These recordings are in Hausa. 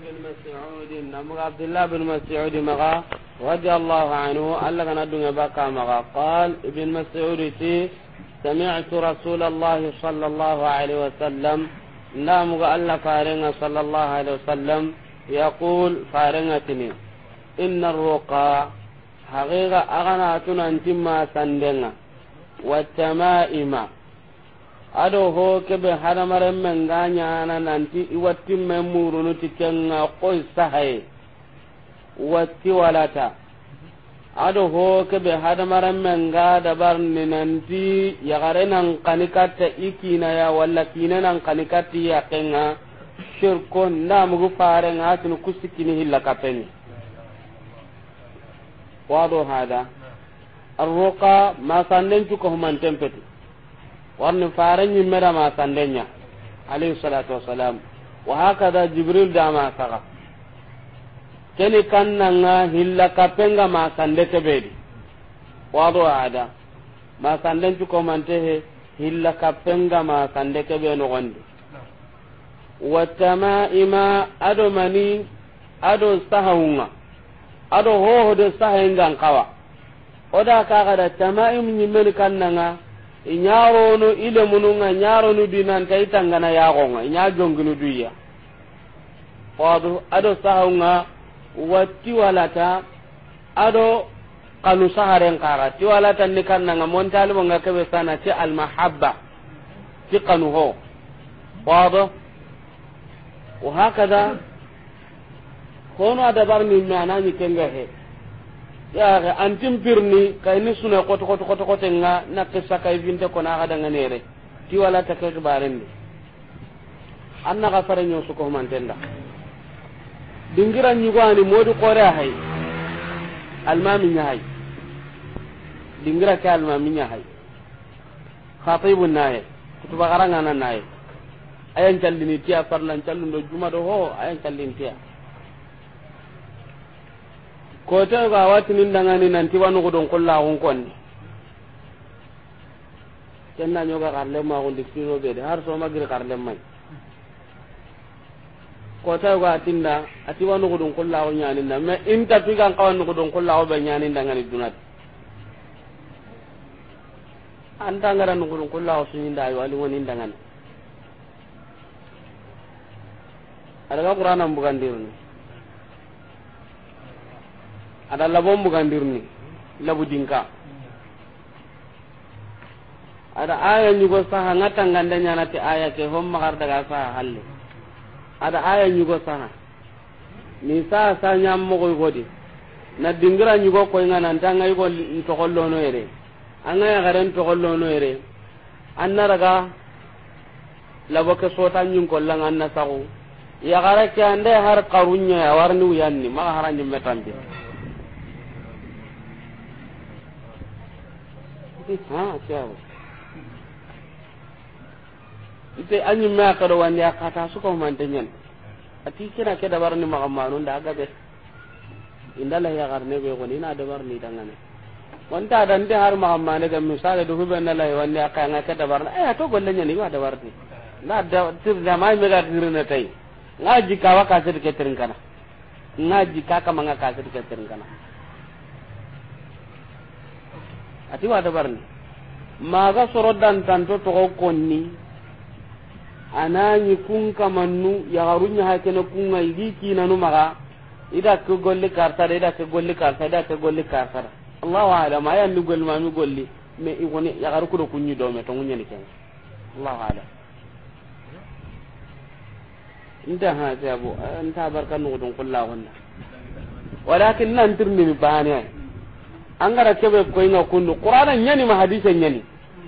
بن مسعود نمر عبد الله بن مسعود مغا رضي الله عنه قال لك دون بقى مغا قال ابن مسعود تي سمعت رسول الله صلى الله عليه وسلم نام قال فارنا صلى الله عليه وسلم يقول فارنتني إن الرقى حقيقة أغنى ما سندنا والتمائم ado ho kebe hadamaren men ganya na nanti iwatti men ti tikenga koy sahay watti walata ado ho kebe hadamaren men ga dabar ni nanti gare nan kanikatta ikina ya walla kine nan kanikatti ya kenga shirko na faren kusiki ni hilla kapeni wado hada arruqa ma sanden ko man tempeti warni fare ñimme ma sandenya alayhi salatu wassalam wa hakada jibril da ma saga keni kannanga hilla kappenga ma sande keɓeedi wado ada ma sanden cukomante he hilla kappenga ma sande gonde nogondi watamaima ado mani ado ho ho de sahenga kawa oda kagada tamaim ñimmeni kannanga ile iñaronu kai ñaronu dinanta itangana nga iña jonginu duya fadu ado sahunga watti walata ado kanu saharen kaga ti walata ni kannanga montalibonga kebe sana ti mahabba ti kanu ho wado wahakada hono min me ni kenga he ya antin kai ni suna koto koto koto koto nga na kissa kay vinte kona aga nga nere ti wala ta ke barende anna ga fare nyo su ko mantenda dingira ani modu kore hay almami nya hay dingira ke almami nya hay khatibun nae kutuba garanga nan naye ayan dini tiya parlan do juma do ho ayan callin tiya kota ga watinin dangani nanti wanu gudon kulla hun konni kenna nyoga karle ma hun dikino be har so ma magir karle mai kota ga tinda ati wanu don kulla hun nyanin da me inta tu kan kawan don kulla o be nyanin ni dunat anta ngara don kulla o sunin da wali woni ada ga qur'anan bugan dirni ada labon dirni labu dinka ada aya nyugo saha ngatanganda nyanati aya ke hom makar daga saha halle ada aya nyugo saha ni saha sa nyam mo koy godi na dingira nyugo koy ngana ntanga yugo ntogollo no ere anga ya garen togollo no ere anna raga labo ke sota nyung kollan anna sagu ya garake ande har karunya ya warni uyanni ma haranyu metambi ite anyi ma kado a akata su ko mantenyen ati kira ke dabar ni magamanu nda agabe indala ya garne be goni na dabar ni dangane wanta dan de har magamane ga misale do hubben la ya wandi akanga eh, ke dabar eh to golle nyani wa dabar ni na da tir da mai me ga girne tai ngaji kawa ka sir ke tirin kana ngaji ka kama nga ka sir ke tirin kana ati wa wada ma ga soro dan tan to togo konni anani kun kamannu yagarunya hakene kunga igi kinanu maga ida ko golli karta ida ko golli karta ida ke golli kartara allahu alam ya ni golli ma ni golli me i woni igoni yagaru kudo kunyi do me to ngunya ni ken allah wa alam inda ha ta bo an ta barkan no nudun kullahu walakin nan tirni bani angara kebe koyinga kundu qur'ana nyani ma hadise nyani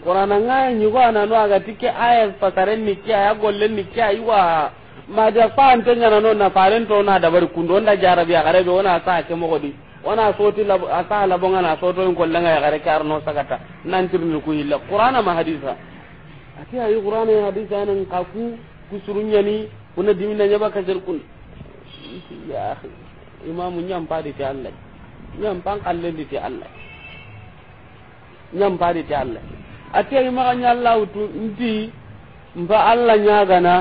qur'ana nga nyugo no aga tike aya fasaren ni ke aya golle ni ke iwa ma da fan tanya no na faren to na da bar kundu onda jarabi agare be ona sa ke mo godi ona soti la asa la bonga na soto en golle ya gare kar no sagata nan tirni ku illa qur'ana ma hadisa ati ayi qur'ana ya hadisa nan kaku kusurunya ni kuna dimina nyaba kajar kun ya imamu nyam padi ti Allah nyam pan kallen di ti Allah nyam di ti Allah ati ay maka nyalla utu ndi mba Allah nyaga na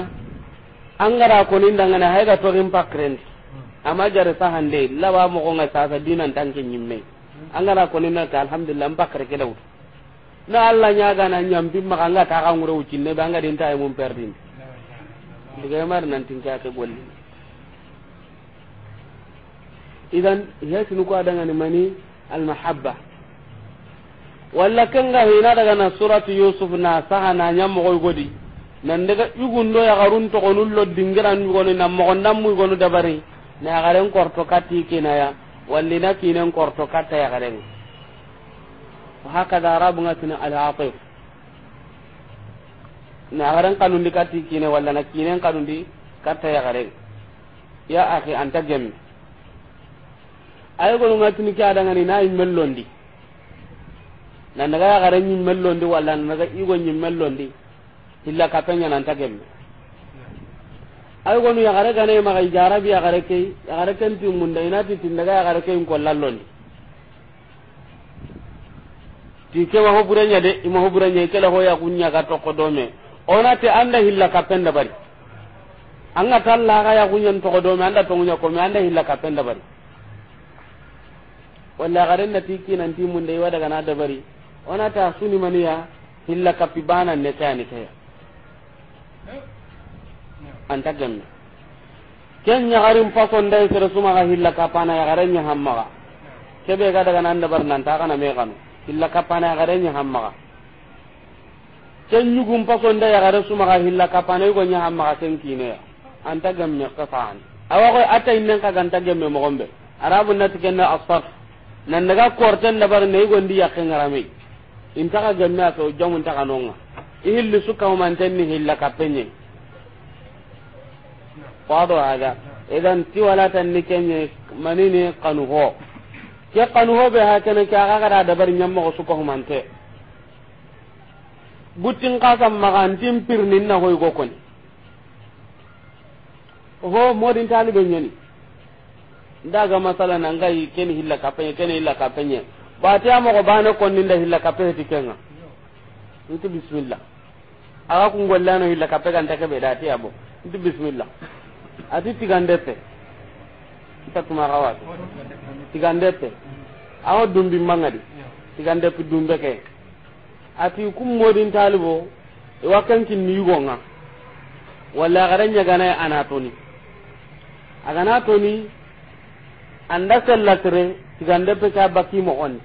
angara ko ni ndanga na hega to rimpa krent hmm. amma jare sa hande lawa mo ko ngasa sa dinan tanke nyimme hmm. angara ko ni na ta alhamdulillah mba kare ke na Allah nyaga na bi maka nga ta ka ngure ne ba nga dinta ay mum perdin diga mar nan tinka ke golli idan hetinu ko adangani mani almahabba walla kenga hina daga na suratu yusuf na saha na ñammogoy godi nan daga yugun do yugundo yagarun togonun lo dingiran yugonu nan ko yugonu dabari na yagaren korto katti ya walli na kinen korto katta yagaren وهكذا رابنا العاطف na garan di katti kine walla na kinen kanundi katta kata ya akhi anta jami. Ayi ay gonu ngatini ke ni na immellondi na daga ya garan immellondi wala na daga igo immellondi illa ka tanya nan gem ayi ko ya gare gane ma ga jarabi ya gare ke ya gare kan mun dai ina ti tin daga ya gare ke ko lallondi ti ke wa nya de ima nya ke la ya kunya ka to kodome te anda hilla ka penda bari anga talla ga ya kunya to kodome anda to kunya ko me anda hilla ka penda bari walla garen na tiki nan ti mun dai wada gana da bari ona ta suni maniya hilla kapi bana ne ta ni kaya anta gan ken nya garin fason dai sere suma ga hilla kapana ya garen nya hamma ga kebe ga daga nan da bar nan ta kana me kanu hilla kapana ya garen nya hamma ga ken fa fason dai ya garen suma ga hilla kapana yugo nya hamma ga ken kine ya anta gamna kafan awa ko ata innen ka ganta gemme mo gombe arabu tikenna asfar nan daga korten da bar ne gondi ya kan rame in ta ga na so jamun ta kanonga ihillu suka man tan ni hilla kapenye wado hada idan ti wala tan ni kenye manini kanu ke kanu ho be ha kana ka ga da dabar nyamma ko suka man te gutin kasam magantin pirnin na hoy gokoni ho modin talibe nyani ndaga masala na ngai ken hilla kapenye ken hilla kapenye bati amo ko bana konni nda hilla kapenye tikenga nti bismillah aga kun gollano hilla kapega ndake be dati abo nti bismillah ati tigandete kita tuma rawat tigandete awo dumbi mangadi tigandepi dumbe ke ati kum modin talibo wakankin ni yugonga walla garanya gana anatoni agana toni anda sellatire tigande pe ka baki ana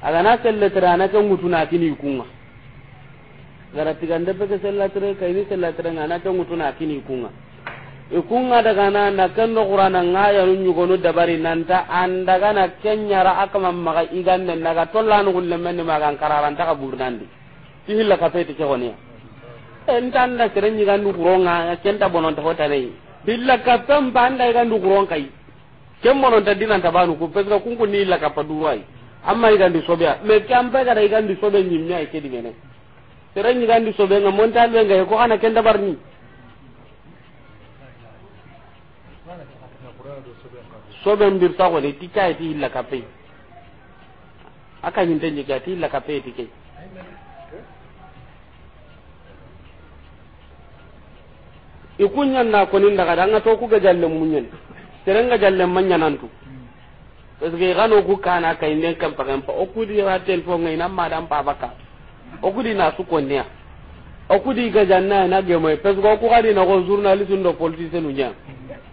agana sellatire anake ŋutunakini kunga gara tigande peke sellatire kayini sellatire nga anake ŋutunakini kunga ikunga daga na na kendo qur'ana ngayanu nyugonu dabari nanta andaga na kenyara akama maga igande naga tollanu gulle menne maga kararan ta kaburnandi tihilla ka fete ke honia entanda serenyi gandu kuronga kenta bonon to hotane billa ka pam banda gandu kuron kai kem monon ta dinan tabanu ku pesga kun kun ni la kapadu wai amma igandi sobea me kampa gara igandi sobe nyimnya ike di mene sere nyigandi sobe nga monta be nga ko kana kenda barni sobe mbir sa woni tika iti illa kape aka nyinte nyiga ti illa kape tike ikunya na ko ninda kada nga to ku gajalle munyen serenga jalle manya nantu parce que gano ku kana kay nden kam pa pa o kudi ra tel fo ngai nam madam pa baka o kudi na su konnya o kudi ga janna na ge moy parce que ku gadi na go journaliste ndo politicien unya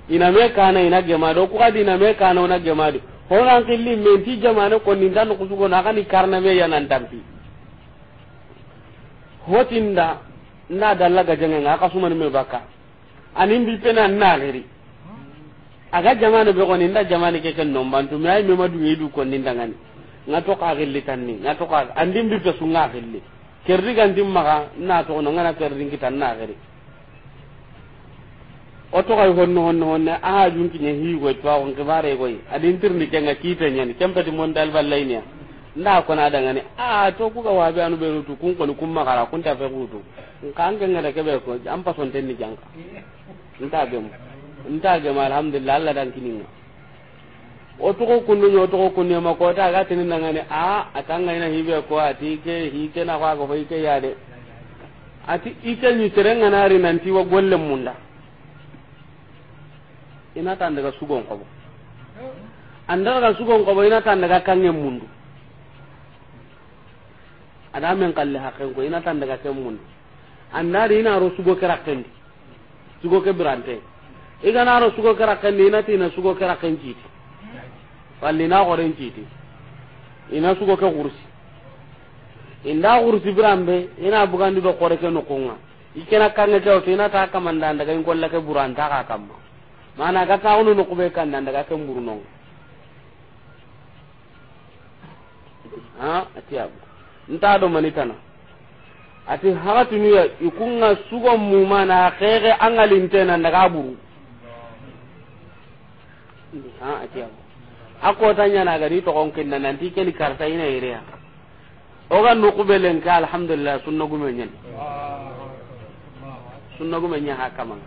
ina me kana ina ge ma do ku gadi na me kana na ge ma do honan killi men ti jamana ko nin tan ku sugo na ni karna me yanan tampi hotinda na dalla ga jangen aka suman me baka anin bi pena na gari aga jamane be goni nda jamana ke ken nombantu me ay mema madu yidu ko ninda ngani ngato ka gilli tanni ngato ka andim bi to sunga gilli kerri gandim maga na to no ngana kerri tan na gari oto kay honno honno honne aha jun kinye hi go to on ke bare go adin tirni ni kenga kite nyani di mon dal ni nda ko na da ngani a ah, to ku ga wabe anu be rutu kun ko kun ra kun ta fe rutu kan ga ngada ke be ko am pason tenni janka nda be mo nta gema alhamdulillah allah dan kininga o togo kundu nyo togo kundu ma ko ta ga tinin nan ne a atanga ina hibe ko ati ke hi ke na ga ko ke ya de ati ke ni terenga na ri nan ti wa golle munda ina tan daga sugon ko anda daga sugon ko ina tan daga kangen mundu ada men kalle hakken ko ina tan daga ken mundu anda ri ina ro sugo kerakken sugo ke brante iganaro sugo kara kanni inati ina sugo kara kan kiti walli na goren kiti ina sugo ke kursi inda kursi birambe ina bugandi do kore ke no konga ikena kanne ke to ina ta kamanda daga in kolla ke buranta ka kamma mana ga ta wono no kube kan daga ke murno ha atiyabu nta do manikana ati hakatunu ya ikunga sugo mu mana khege angalintena daga buru ha atiya a kota ñana gadi togon kinna nanti keni karta ina o yereya oga nuqubelen ka alhamdulillah sunna gume ñen sunna gume ña ha kamanga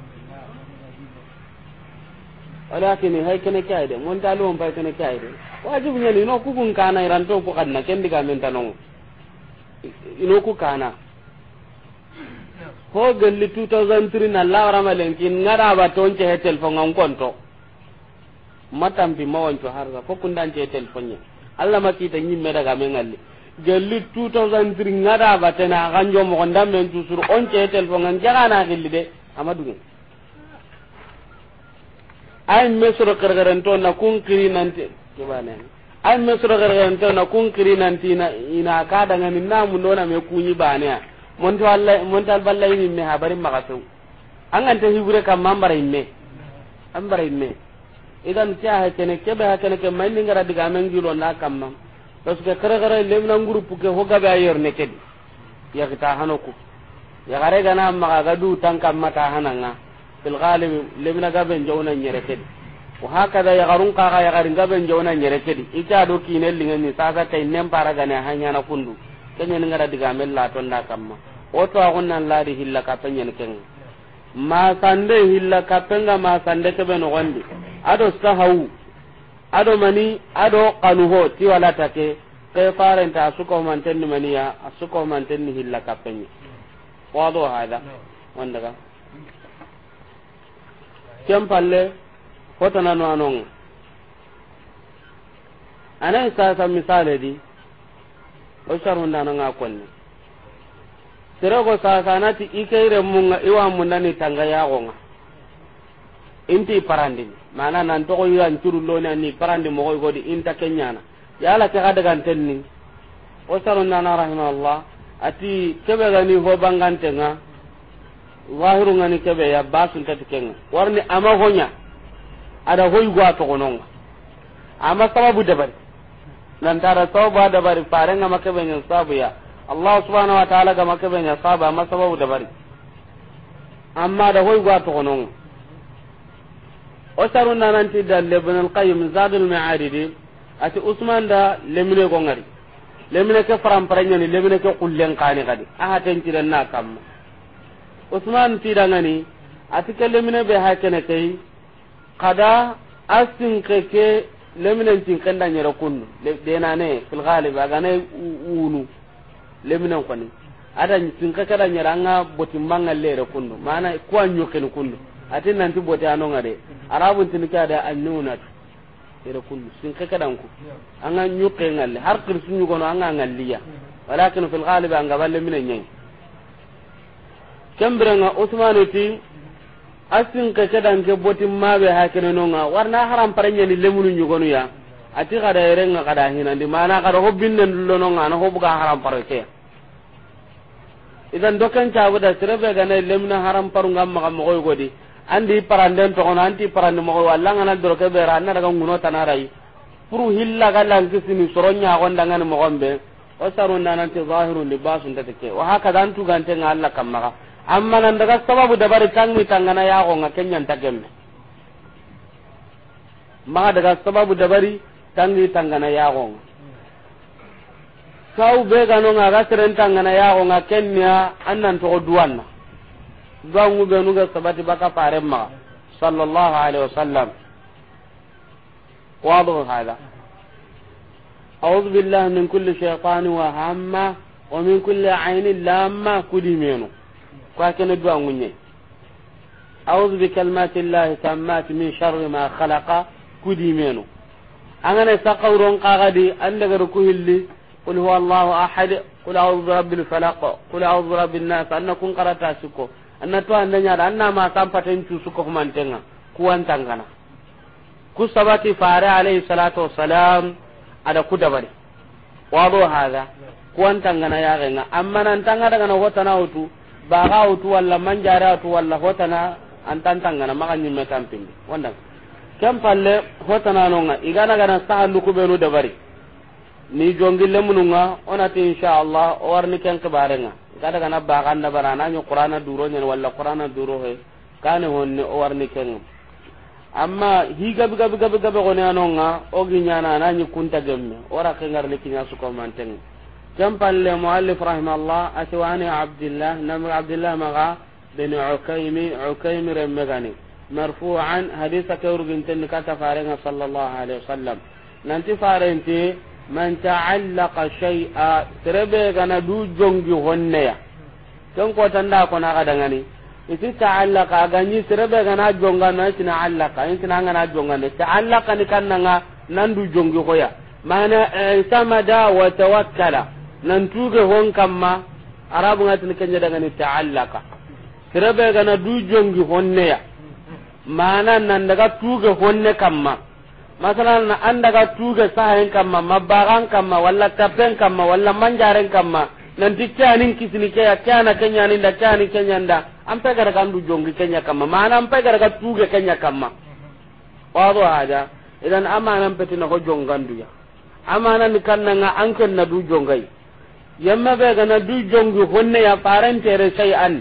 walakin hay kene kay de mon talu on pay kene kay de wajib nyen ino ku kun kana iran to ku kadna ken diga men tanong ino ku kana ko gelli 2003 na lawra malen kin ngara ba ton ce hetel fo ngon konto matambi mawanco harga fo kundan je telefon ya allah ma ki kita nyimme daga men ngalli gelli 2003 ngada batena ganjo mo ndam men tu sur on je telefon ngan jaga na gelli de amadu ngi ay mesro kargaran to na kun kiri nanti kibane ay mesro kargaran to na kun kiri nanti na ina ka daga min na mun dona me kunyi bane ya mon to allah mon tal balla min me habari magasu an an ta hibre kam mambara imme ambara imme idan ke ha kene ke be ha kene ke mai ni ngara diga men gilo na kamma parce que kare kare le na groupe ke ga ba yor ne ke ya kita hanoku ya kare gana ma ga du tan kamma ta hananga fil ghalib le na ga ben jawna nyere kedi wa da ya garun ka ga ya garin ga ben jawna nyere i ita do kine linga ni sa tay nem para ha hanya na kundu kenya ni ngara diga men la ton na kamma nan la di hilla ka penyen kenga ma sande hilla ka penga ma sande ke be no ado sahau ado mani ado qanuho ti wala take ke farenta asuko mantenni suko asuko mantenni hilla kapenye wado hada wanda ka kem palle hotana no anon ana isa sa misale di o sharhu ndana nga konne serego sasanati ikeire munga iwa mundani tanga yagonga inti parandini mana nan to koy an turu lo ni parandi mo koy di inta kenyana yala ta kada kan tenni o saron nana Allah ati kebe ni ho nga wahiru ngani kebe ya basun tatikenga warni ama honya ada hoy gwa to gononga ama sababu dabari nan tara sababu dabari farenga makebe nyen sababu ya allah subhanahu wa ta'ala ga makebe nyen sababu ama sababu dabari amma da hoy gwa to gononga o saru nananti dalle ibn al-qayyim zadul ma'aridi ati usman da lemine ko ngari lemine ke faramparenya ni lemine ke kullen kani kadi aha ten tiran na kam usman tidangani ati ke lemine be hakene kai kada asin ke ke lemine tin kanda nyere kunnu de ne fil ghalib aga ne wunu lemine ko ni ada tin ka kada nyere anga botimbanga lere kunnu mana ko anyo ken kunnu atin nanti bote nonga de arabun tin ka da annuna ira kullu sin ka kadan ku an an nyuke ngalle har kirsun yugo no an an ngalliya walakin fil ghalib an gaballe minen nyen kambiranga usmanu ti asin ka kadan ke botin mabe hakene nonga warna haram parenya ni lemunu nyugo no ya ati kada nga kada di mana kada hobbin nan lullo nonga no hobbuga haram parake idan dokan cabu da sirabe ga na lemna haram parunga maga mogoy godi andi to togono anti parande mo walla ngana ke bera anna daga nguno tanarai puru hilla soronya gonda ngana mo gombe o zahirun libas basuntati ke wa haka hakada antugantenga allah kamma amma nan daga sababu dabari mi tangana yagonga kenyanta gemme ma daga sababu dabari tangi tangana yagonga kaw be ganonga aga tren tangana yagonga kenya annan togo duwanna gangu be nuga sabati baka fare ma sallallahu alaihi wasallam wadu wa hamma wa min kulli aynin lamma kudimenu kwa kene duangu nye min sharri ma khalaqa kudimenu angane saqawron qagadi andagar ku hilli qul huwa allah ahad qul a'udhu bi rabbil falaq qul a'udhu bi rabbin nas annakum anna to anda nyada anna ma tu su ko mantenga kuwantangana ku sabati fare alaihi salatu wassalam ada ku dabari wado hada ya yarenga amma nan tanga daga na hotana utu ga utu walla manjara utu walla hotana antantangana maka nyimme tampindi wanda kam palle na nonga igana gana sahandu kubenu dabari ni jongi mununga onati inshallah warni ken kibarenga kada kana bagan da bara nanyo qur'ana duro nyen wala qur'ana duro he kane honne o warni ken amma higa biga biga biga be gone nga o na ginyana nanyi kunta gemme ora kengar ne kinya su ko manten jam palle muallif rahimahullah atwani abdullah nam abdullah maga bin ukaimi ukaimi remegani marfu'an hadisa kawrugin tan kata farenga sallallahu alaihi wasallam nanti farenti man ta'allaqa shay'a trebe gana du jongi ya ken ko tanda ko na ga dangani iti ta'allaqa gani trebe gana jonga na tina allaqa in tina ngana jonga ne ta'allaqa ni nga nan du jongi hoya mana eh, samada wa tawakkala nan tuge hon kamma arabu ngatin kenya dangani ta'allaqa trebe gana du jongi ya mana nan daga tuge honne kamma masalan na anda ga tuge sahen kamma mabaran kamma walla kapen kamma walla manjaren kamma nan tikkani kisini ke ya kana kenya ni da kana kenya nda am pe gara kan du jongi kenya kamma mana am pe gara ga tuge kenya kamma wazo haja idan amana peti na ko jongan duya amana ni kanna nga anken na du jongai yamma be ga na du jongi honne ya sai an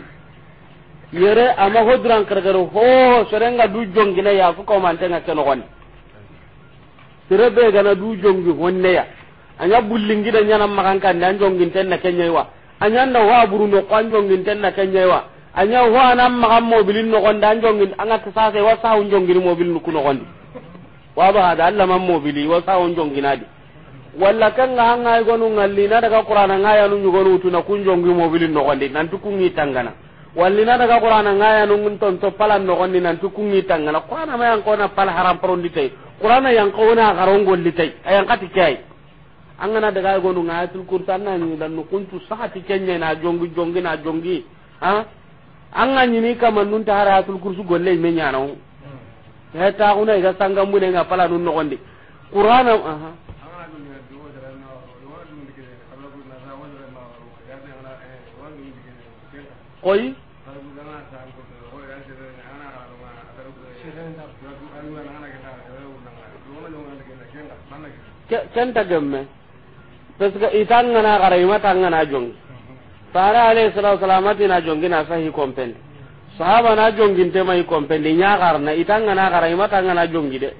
yere ama hodran kargaro ho serenga du jongi na ya ko ko man tenga kenogoni be gana du jongi honne ya anya bullingi da nyana makanka ndan jongi tenna kenya wa anya nda wa buru no kwa jongi tenna kenya wa anya wa nan makam mobilin no kon dan jongi anga tsase wa sa hun jongi mobilin ku kuno kon wa ba hada Allah man mobili wa sa hun jongi nadi walla kan ga hanga gonu ngalli na daga qur'ana ngaya nu nyugo rutu na kunjongi mobilin no kon nan tukungi tangana na daga qur'ana nga no mun ton to pala no gonni nan tu kungi tangana qur'ana ma yang kona pala haram paron ditai qur'ana yang kona garon golli tai ayang kati kai angana daga gonu ngaya tul kurtan nan dan no kuntu sahati kenya na jongi jongi na jongi ha anga nyini kama nun ta hara tul kursu golle me nyano hmm. heta kuna iga sangambune nga pala nun no gondi qur'ana aha koy kenta gemme parce que itangana gara imatangana jongi fara alayhi salatu atina na sahi sahaba na gara de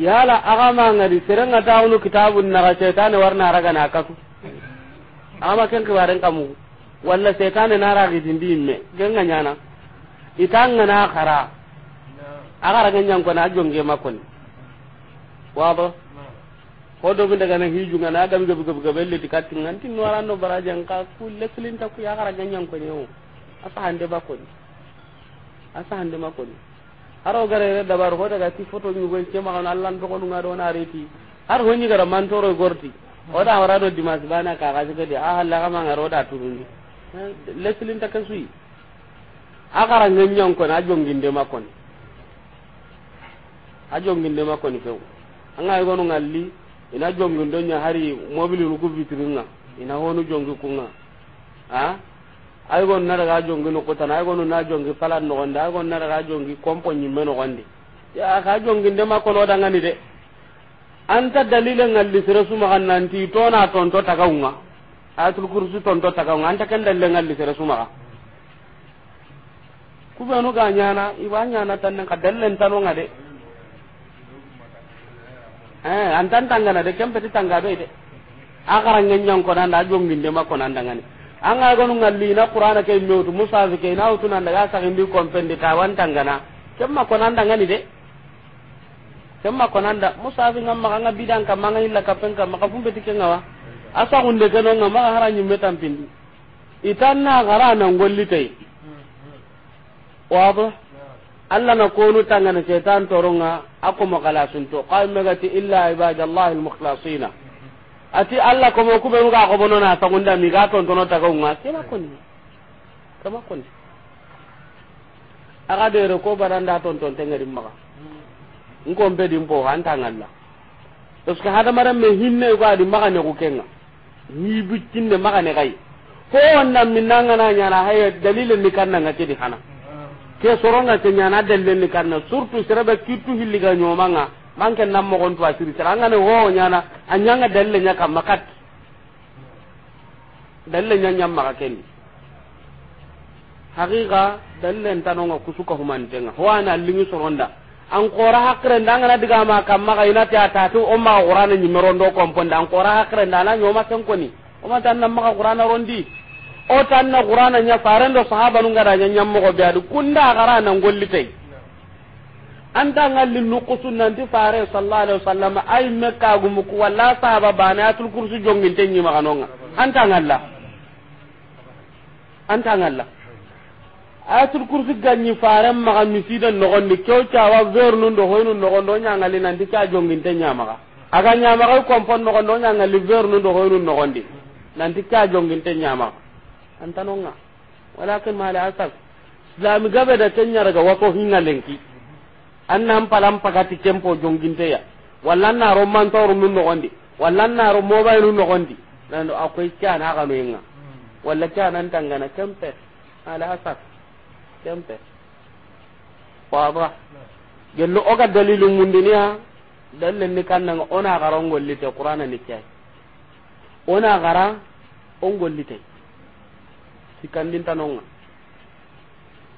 yala agama ngari serenga taunu kitabun na warna raga na kaku ama ken kamu walla setane nara gidindi me ganga nyana itanga na khara agara ganya ko na jonge makon wado ko do bin daga na hiju ngana agam gabu gabu gabelle dikati nganti no arano baraja nka kulle ta ku ya agara ganya ko nyewo asa hande bakon asa hande makon aro gare garere dabar ho daga ti foto nyugo cema kan allan do ko nunga do na reti har honi gara mantoro gorti o oda warado dimas bana ka ah, ga jige de a halla man ngaro da turuni lesilinta ke suyi a gara ŋeñan koni a makon koni a jongindema koni few anga igonu ngalli ina jongindo nya hari mobilinu ku vitringa ina honu jongi kunga a ay gon na daga jongi no kota ay gon na jongi falan no gonda ay gon na daga jongi kompo nyimme meno gonde ya ka jongi ndema makon o dangani de anta ta ngalli sira suma kan nanti to na ton to taga unga ayatul kursi tonto taka nga anta kenda lenga li sere suma ku be no ga nyana iwa nyana tan ka dellen tanu nga de eh antan tangana de kempe ti tanga be de agara ngenyang ko nanda da jongin ma makko ngani dangane anga gonu ngalli na qur'ana ke mewtu musa ke na utu nan daga sa hindi kompen de tawan tangana kemma ko nanda ngani de kemma ko nan da musa ngam maka ngabidang kamanga illa kapen kamaka fumbe tikenga wa asa kunde kano nga ma hara pindi itan na gara na ngolli tay wado alla na konu tangana setan toronga ako makala sunto qaime gati illa ibadallahi almukhlasina ati alla ko mo kube nga ko bonona ta gunda mi ga ton tono ta ko nga kema konni kama konni aga de ro ko baranda ton ton ngari maka ngombe dimpo antangalla to ska hada maram me hinne ko adi maka ne ko kenga ni bitin da maka ne kai ko wannan min nan ngana nyana haye dalilin ni kanna ngati di hana ke soron soronga ke nyana dalilin ni kanna surtout sirabe kitu hilliga nyomanga manke nam mo gon tuwa siri saranga ne ho nyana anyanga dalilin nyaka makat dalilin nyanya maka kenni haqiqa dalilin tanonga kusuka humantenga ho ana lingi soronda an kora hakren da ngana diga ma kam ma ina ta ta to o ma qur'ana ni merondo ko da an qora hakren da na nyoma tan ni o ma tan na ma qur'ana rondi o tan na qur'ana nya do sahaba nu ngada nya nyammo ko biadu kunda gara na an anta ngalli nan nanti fare sallallahu alaihi wasallam ay makka gum ko wala sahaba banatul kursu jongin jonginte ni ma kanonga anta ngalla anta ngalla ayatul kursi ganyi faren maga misiden nogondi kew cawa vernu ndo hoynu nogondo o ñangali nanti ca jonginte ñamaga aga ñamaga i compon nogondo o ñangali vernu ndo hoynu nogondi nanti ca jonginte ñamaga antanonga walakin mala asaf islami gabe da ten ñaraga wako hingalenki annan palan pagati kempo jonginteya walla annaro mantoru nu nogondi walla annaro mobile nu nogondi nando akoy cana aganoyenga walla canantangana kempe mala asaf kempe wadah gello oga dalilu mundiniya dalle ni kannanga ona gara ngollite qur'ana ni kay ona gara on ngollite sikandin tanonga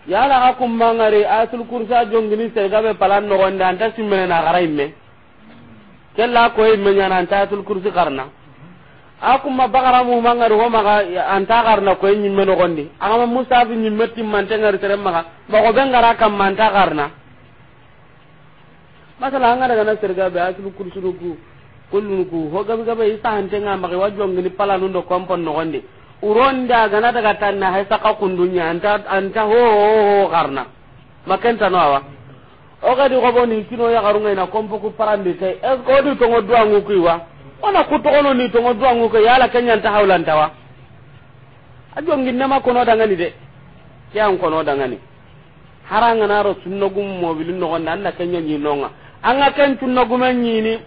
yala akum mangare asul kursa jongini sai gabe palan no gonda anta simmene na gara imme kella ko imme nyana anta asul kursi karna akuma bagara mu mangari ho maga anta garna ko nyin meno gondi agama musa bi nyin metti man tengar tere maga ba ko bengara kam man ta garna masala anga daga na serga be asbu kursulu ku kullun ku ho gabe gabe isa hante nga maga wajong ni pala nundo kompon no gondi uronda gana daga tanna hay saka kundunya anta anta ho ho garna makan tanawa o gadi ko boni kino ya garunga ina kompo ku parande tay es ko du to ngodwa ngukuiwa ona kutogono ni tongo duwangu ko yala kenyanta hawlantawa ma kono ngani de ke an kono dangani haranganaro sunnogum mobilin nogonde anna kenya nonga anga ken cunnogume ñini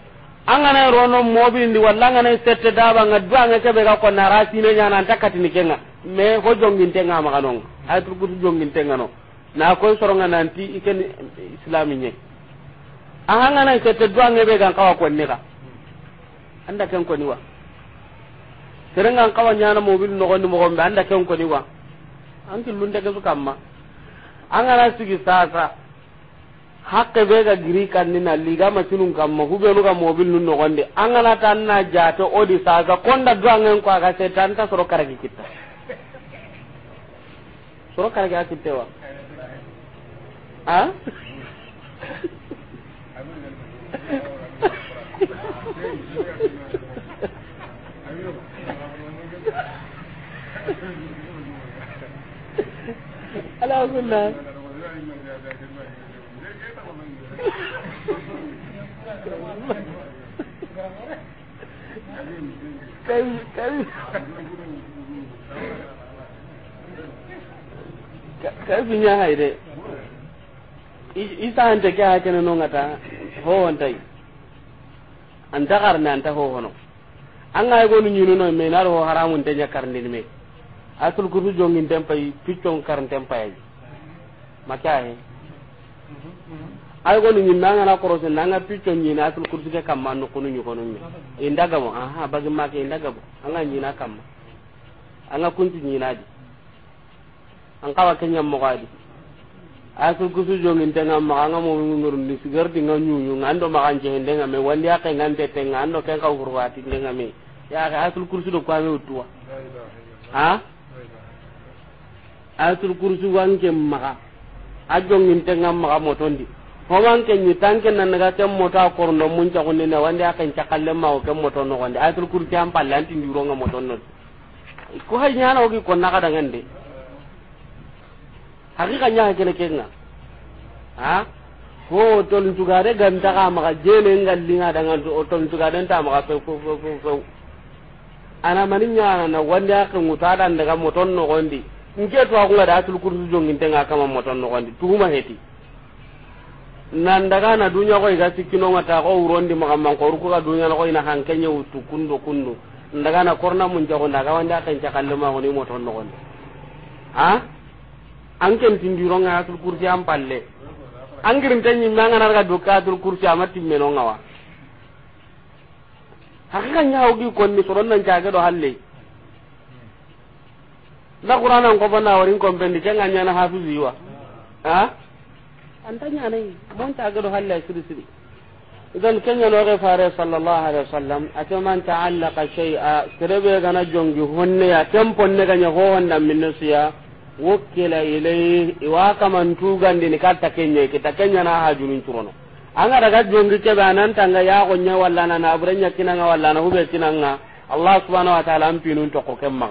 angana rono mobilindi walla angana sette nga duanga keɓe ga konna ara sine ñananta katini kenga me ho jongintenga maganonga ayturgutu jongintenga no na koy nga nanti iken islami ñe angangana sette duangeɓe gan kawa konni ka anda ken ko niwa serengan kawa nyana mobil no gonni mo gombe anda ken ko niwa anki lunde ke an angana sigi sasa hakke be ga giri kan ni na liga ma tunun kamma hube no ga mobil nun no gonde angana tan na jato odi sasa konda duangen ko aga setan ta soro karagi kita soro karagi akitte wa ha ala kulli kai kai kafin ya haide isa hanta ke haka na nongata ho wantai anta garne anta hohono anga gonu no me na ro haramun te ñakkarndin me asul sulkutu jongin ten pay piccon karn ten payaji make ahe ay gonu ñimme angana korosenne anga piccon ñini a sulkutu ke kamma nukunu ñugonunme mo aha bagimmake indagamo anga kam an anga kunti di an ga di asu kusu jongin tenga maganga mo ngur ni sigar dinga nyunyu ngando magan je ndenga me wandi ake ngante tenga ngando ken ka urwati ndenga me ya ka asul kursu do kwa utua ha asul kursu a maga ajongin tenga maga motondi ho wanke ni ke nan naga tem moto akorno mun ta kunne na wandi ake cakalle ma o kem moto no wandi asu kursu am pallanti ndiro nga moto no ko hay nyana ogi ko naga dangande hakika nya kene kenga ha ko ton tugare ganta ka maka jele ngallinga dangan to ton tugare ta maka fe fe fe fe ana manin nya na wanda ka ngutada daga moton no gondi nke to aku ngada asul kursu jongin tenga kama moton no gondi tuhuma heti nan daga na dunya ko iga sikino ngata ko urondi maka man ko ruku ka dunya ko ina hankenye utu kundo kundo ndaga na korna mun jago ndaga wanda kan cakalle ma ngoni moton no gondi ha anken tindironga ayatul kursi am palle angirin tan nyimme anganarga dokke ayatul kursi ama timmenonga wa hakika soron nan jaga do halle nda ko kofona warin kompendi kenga ñana hafizi wa a anta ñanayi mon cageɗo halle a idan siri idan ga fare sallallahu alaihi wasallam ato man ta'allaqa shay'a serebe gana jongi honne ya tempon ne ga nyaho wanda siya wokkila ilayhi iwa kaman tugandi ni katta kenya kita kenya na hajunun turono anga daga jongi ke banan tanga ya gonya walla na na burenya kinanga walla na hube kinanga allah subhanahu wa ta'ala ampinun to ko kemma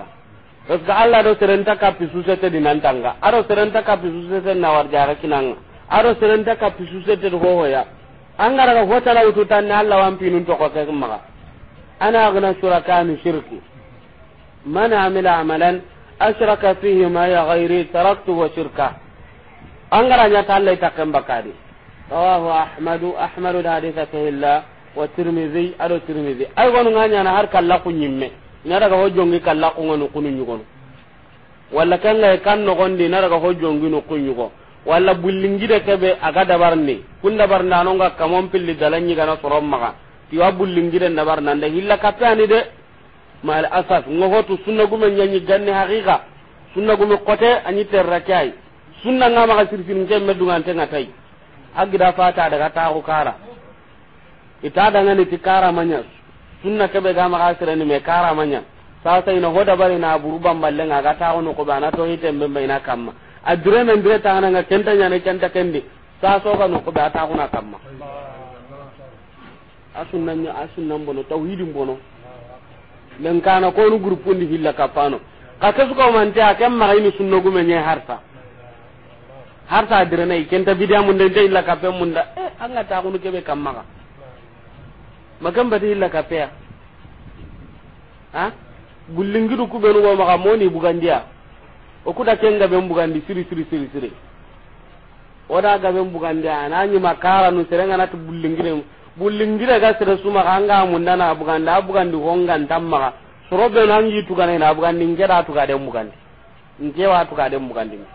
parce que allah do serenta kapi susete dinan tanga aro serenta kapi susete na warjaga kinanga aro serenta kapi susete do hoya anga daga hotala ututan na allah wampinun to ko kemma ana agna ni shirki man amila amalan ashraka fihi ma ya ghairi taraktu wa shirka an garanya ta Allah kan bakari rawahu ahmadu ahmadu da ta illa wa tirmidhi ado tirmidhi ay gonu nganya na har kala ku nyimme na daga jongi kala ku ngonu kunu nyugono walla kan ga kan no gondi na daga jongi no wala walla de kebe aga dabarni kun dabarna no ga kamon pilli dalanyi gana sorom maga tiwa bullingide dabarna nda hilla kapani de mal asas asaf ngo hotu sunna gume nyanyi ganni haqiqa sunna gume kote anyi terra sunna nga ma kasir fil ngem medu ngante ngatai agida fata daga taru kara ita ngani ni tikara manya sunna kebe ga ma kasir ni me kara manya sasa ina hoda bari na buru balle nga gata taru ko bana to hitem be ina kamma adure men dire ta nga kenta nyane kenta kendi sa so ga no ko ba ta kuna kamma nya asunna bono tauhidin bono men kana ko nu groupe ndi hilla kapano ka kesu ko man ta kam ma ini sunno gume nye harta harta adire nay kenta bidia mun de hilla kape mun da eh anga ta kunu kebe kam maka makam bati hilla kape ya ha gullingiru ku benu go maka moni bugandia o kuda kenga ben bugandi siri siri siri siri o oda ga ben bugandi ananyi makara nu serenga natu bullingire bullingira ga sira suma kanga munda na buganda bugandi honga ntamma sorobe nan yi tuga na bugandi ngera tuga de bugandi nke wa tuga de din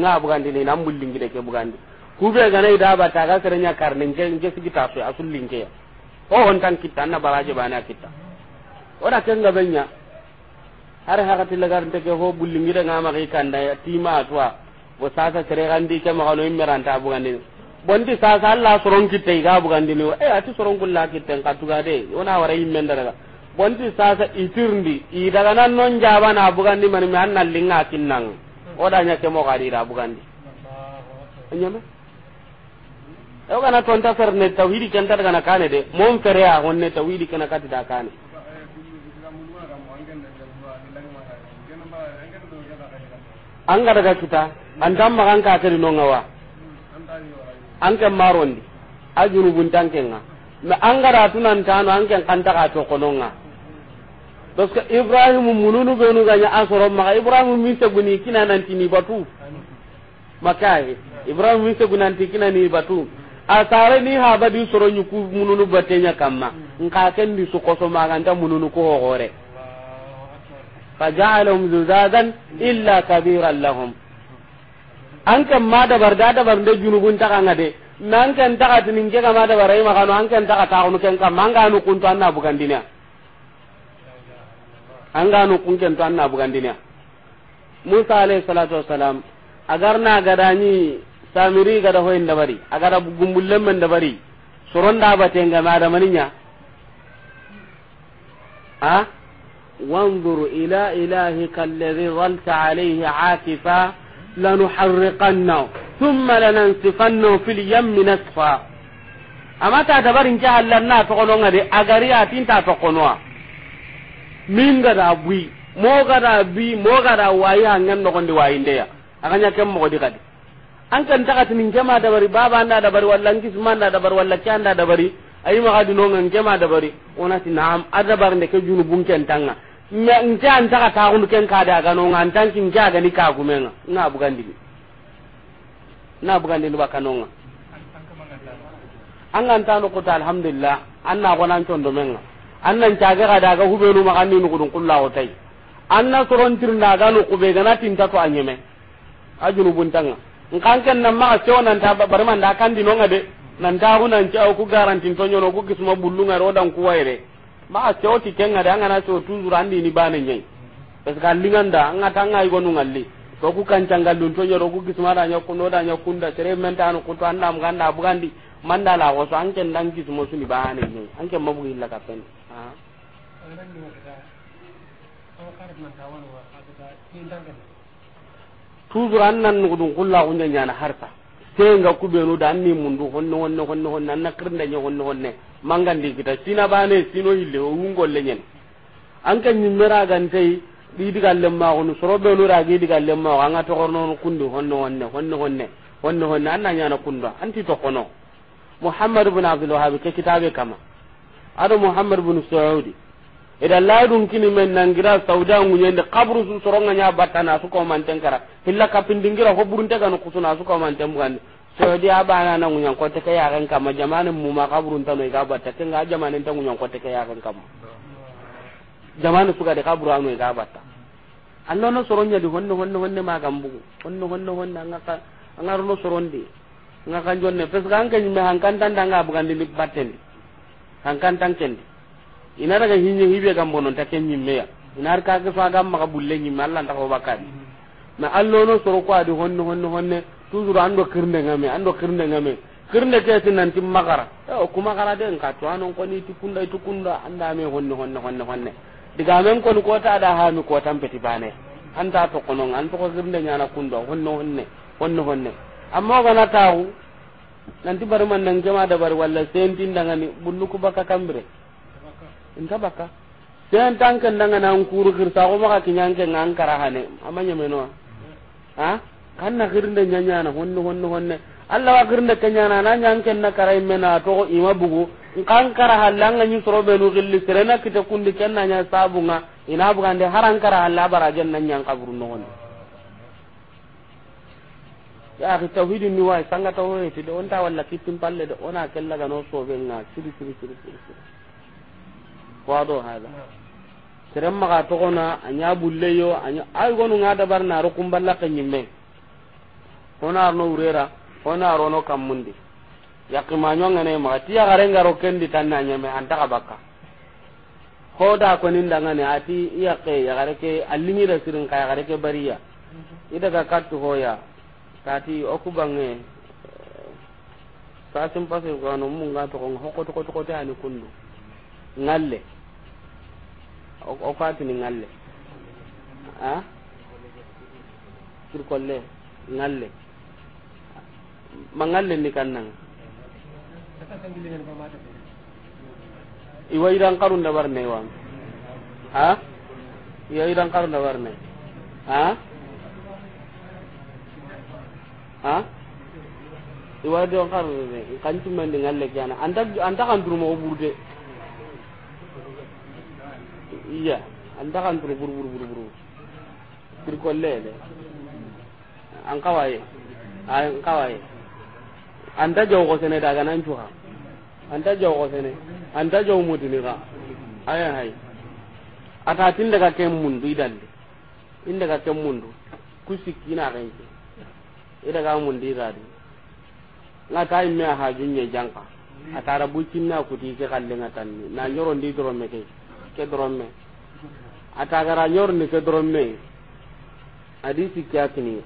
nga bugandi din nan bullingira ke bugandi kube ga nai da ba ta ga sira nya karne nke nke sigita so asullinge o hon tan kitta na baraje bana kitta ora kenga benya har hakati lagar ke ho bullingira nga ma kai kanda tima atwa o sasa sere gandi ke ma kanu immeranta din bondi sa la soron kitte iga ni e eh, ati soron kulla kitten katuga de ona wara yimme daga bondi sa itirndi i daga nan non jaba na bugandi man mi anna linga o da nya ke mo gari da bugandi nyama e eh, kana tonta ne tawhidi kenta daga na kane de mon fere ya honne tawhidi kana kati da kane an ga daga kita an dan magan ka kadi nonga wa anke marondi a junubun tankenga ma angara tunan tano anke kanta ka to kononga parce que ibrahim mununu be nu ganya asoro maka ibrahim mi se guni kina nanti ni batu makai ibrahim mi se gunan tini kina ni batu asare ni haba di soro nyuku mununu batenya kamma nka ken di su koso maga nda mununu ko hore فجعلهم زجاجا إلا كبيرا لهم an kan ma dabar da dabar de junubun ta kanga de nan kan ta kan nin ke ma dabar ai magano an kan ta kat ta kun kan ka manga nu kun to anna bukan dinya an ga nu kun kan to anna bukan dinya musa alaihi salatu wassalam agar na gadani samiri gada hoyin dabari agara gumbullen men dabari soron da ba tenga ma da maninya a ah? wanzur ila ilahi kallazi zalta alaihi akifa lanuharriqannahu thumma lanansifannahu fil yammi nasfa amma ta dabarin ke hallan na to kono ngade agari atin ta to kono min ga da bui mo ga da bi mo ga da wayi hangen no gonde wayi ndeya aganya kem mo di kadi an kan ta katin jama dabari baba anda dabari wallan kisman anda dabari wallan kyan anda dabari ayi ma kadi no ngan jama dabari onati na'am adabar ne ke junubun nte anta ka taxunu ken kada ganonga antanki nke agani kagumenga nga bugandini na na ba kanon an bugandini no ko ta alhamdulillah an na anna gonan an nan ta ga da daga hubenu maganni nugudun kulla hotai tir na ga no ku kube gana ta to anye me bun anyeme ajunu kan ken nan ma sewo nan ta bar man da kandi nonga de nan ta hunan ci au ku garantin to nyono ku kisma bullunga ku waire ma cewa ti kenga da ngana sewo tuzuru andi ni bana nyai parce que linganda anga tanga igo nu ngalli to ku kan tangal dun to nyoro ku kismara nya kuno da nya kunda sere menta anu ku to anda mganda bugandi da la go so anken dan kismo suni bana nyai anken mabugi illa ka pen ha tuzuru annan dun kullahu nya nyana harta tenga kubenu da anni mundu honno honno honno honno anna kirnda nya honno honne mangandi kita sina bane sino hille o wungol lenyen anka nyimera gantei di diga lemma ko no soro benu ra gi diga lemma ko anga to korno kundu honno honne honno honne honno honne anna nya na kunda anti to kono muhammad ibn abdul wahhab ke kitabe kama ado muhammad ibn saudi ida laadun kini men nangira sauda ngunyende kabru su soronga nya batana su ko manten kara illa kapindingira ko burunte kanu kusuna su ko manten bugande di abana na ngunyan ko teke ya ran kama jamanin mu ma kaburun tano ga batta ken ga jamanin ta ngunyan ko teke ya ran kama jamanin suka de kaburu anu ga batta Allah no soronya di honno honno honno ma gambu honno honno honno ngaka ngaru no sorondi ngaka jonne pes kan kan me hankan tanda danga bukan di batten hankan tan kendi ina daga hinye hibe gam bonon ta ken nyimme ya ina ar ka ga fa gam maka bulle nyimme Allah ta ko bakari na allo no soro ko adi honno honno honne toujours ando kirnde ngame ando kirnde ngame kirnde ke tin nan tim magara o kuma gara de ngat to anon ko ni tukunda tukunda anda me honno honno honno honne diga men ko ko ta da ha mi ko tan peti bane anta to konon an to ko kirnde nyana kundo honno honne honno honne amma na tawu nanti bari man nan jama da bari walla sentin dangani bulluku baka kambire inta baka sen tan kan na nan kuru kirta ko maka kinyan ke ngan karahane amanya meno ha kan na girnde nyanya na honno honno honne alla wa girnde kanya na nan nyan na karai mena to ima bugu kan karahalla nga nyi soro be gilli serena kita kundi kenna nya sabunga ina bugande haran karahalla barajan nan nyang kaburu no honno ya ki tawhidi ni wa sanga tawhidi de on ta walla kitin palle de ona kella ga no so benna nga siri siri siri siri kwado hada serem maga kona anya bulle yo anya ay gonu ngada bar na rukum balla kanyimme ona arno urera ona arono kamundi yakimanyo ngane ti ya garenga di tanna nyame antaka bakka hoda ko nin daga ne ati iya ke ya gareke allimi da sirin ka ya gareke bariya ida ga kattu hoya kati oku bange sim pase ko no mun ga to ko ko to ko to ani kundu ngalle o ni ngalle a kolle ngalle ma ngalle ni kannanga iwa idan karun da barne wa ha iwa idan karun da barne ha ha iwa idan karun da kan ni ngalle lekjana anta anta kan durmo burde iya anta kan turu buru buru buru buru buru kolle de an kawaye an kawaye anta jaw ko sene daga nan cuha anta jaw ko sene anta jaw mutini ka aya ay ata tin daga kem mundu idan in daga kem mundu kusiki na ranke ida ga mundi gadi na kai me ha junye janka atara bucin na kuti ke kallenga tanni na nyoro ndi doro meke ke dromme atagara nyorni ke dromme adi sikkiya kini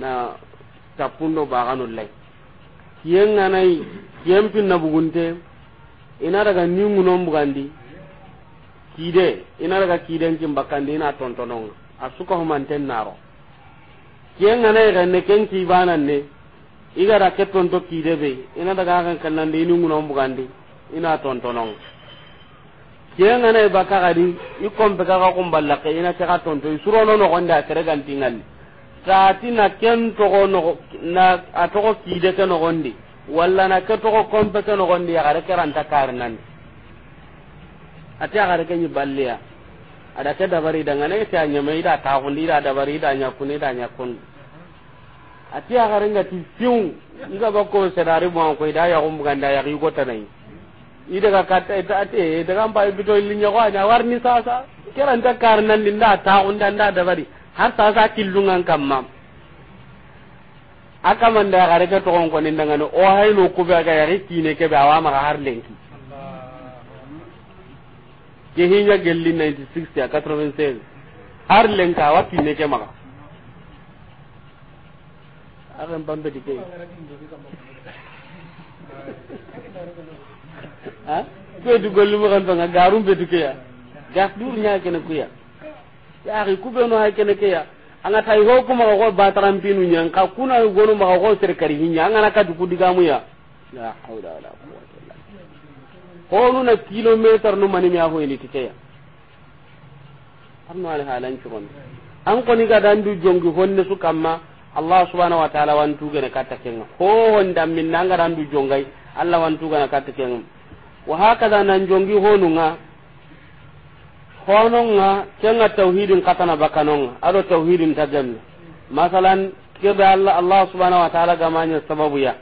na tappundo bagano lay kiyen nganayi kiyen pinna bugunte ina daga bugandi kide ina daga kiden kin bakkandi ina tontononga a humanten naro kiyen nganayi genne ken kibanan ne ke tonto kide be ina daga kan kannandi iningunon bugandi ina tontonon. kengana baka gadi i kompe kaka kumballake ina keka tonto isurono nogonde a keregantingalli saati na ken togo nogo na a togo kiide ke nogondi walla na ke togo kompe ke nogondi yagare keranta karinandi ate yagare ke ñiballiya ada ke dabari da dangane ite a da ida taxundi ida dabari ida ñakkuni ida ñakkundi ate yagare ngati fiw ngaba ko sedari moanko ida yaxumbugandi a yaxiigotanayi idaga katta ita ate daga mba bito linya ko anya warni sasa kera nda karna linda ta unda nda dabari har sasa killungan kamma aka man da gare ka to ko ninda ngano o hayno ku ba ga yari kine ke ba wa ma har lenki ke hinya gelli 96 ya 96 har lenka wa kine ke maka akan pambe dikei ha ko du gollu mo kan banga garum be duke ya gas dur nya kene kuya ya ri ku be no ha kene kuya anga tai ho kuma ko ba taram pinu nya ka kuna gono ma ko ser kari hinya anga na ka du digamu ya la hawla wala quwwata illa billah ko na kilometer no mani mi ho ni tike ya amno ala halan churon an ko koni ga dan du jongi honne su kamma allah subhanahu wa ta'ala wan tu gene katta kenga ho hon dam min nanga dan du jongai allah wan tu gana katta kenga wa hakada nan jongi honunga honunga kenga tauhidin katana bakanonga ado tauhidin tajanna masalan kebe allah allah subhanahu wa ta'ala gamanya sababu ya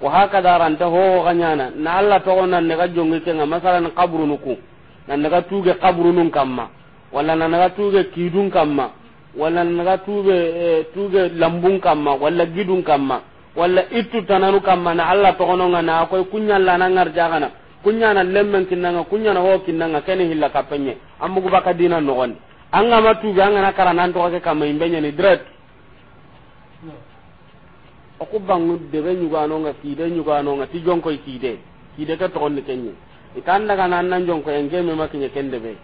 wa hakada ranta ho ganyana na allah to onan ne gajongi jongi kenga masalan qabru nuku nan daga tuge qabru nun kamma wala nan daga tuge kidun kamma wala nan daga tuge eh, tuge lambun kamma wala gidun kamma wala ittu tananu kamma na allah to ononga na koy kunyalla na ngarjagana kunyana lemmen kinnanga kunyana ho kinnanga kene hilla kapenye ammugu baka dina nogon anga matu ganga na karana ndo ke kama imbenye ni direct aku bangu de be nyuga nonga kide nyuga nonga ti jonko kide kide ka to ni kenye itanda kana nan jonko enge me makinye kende be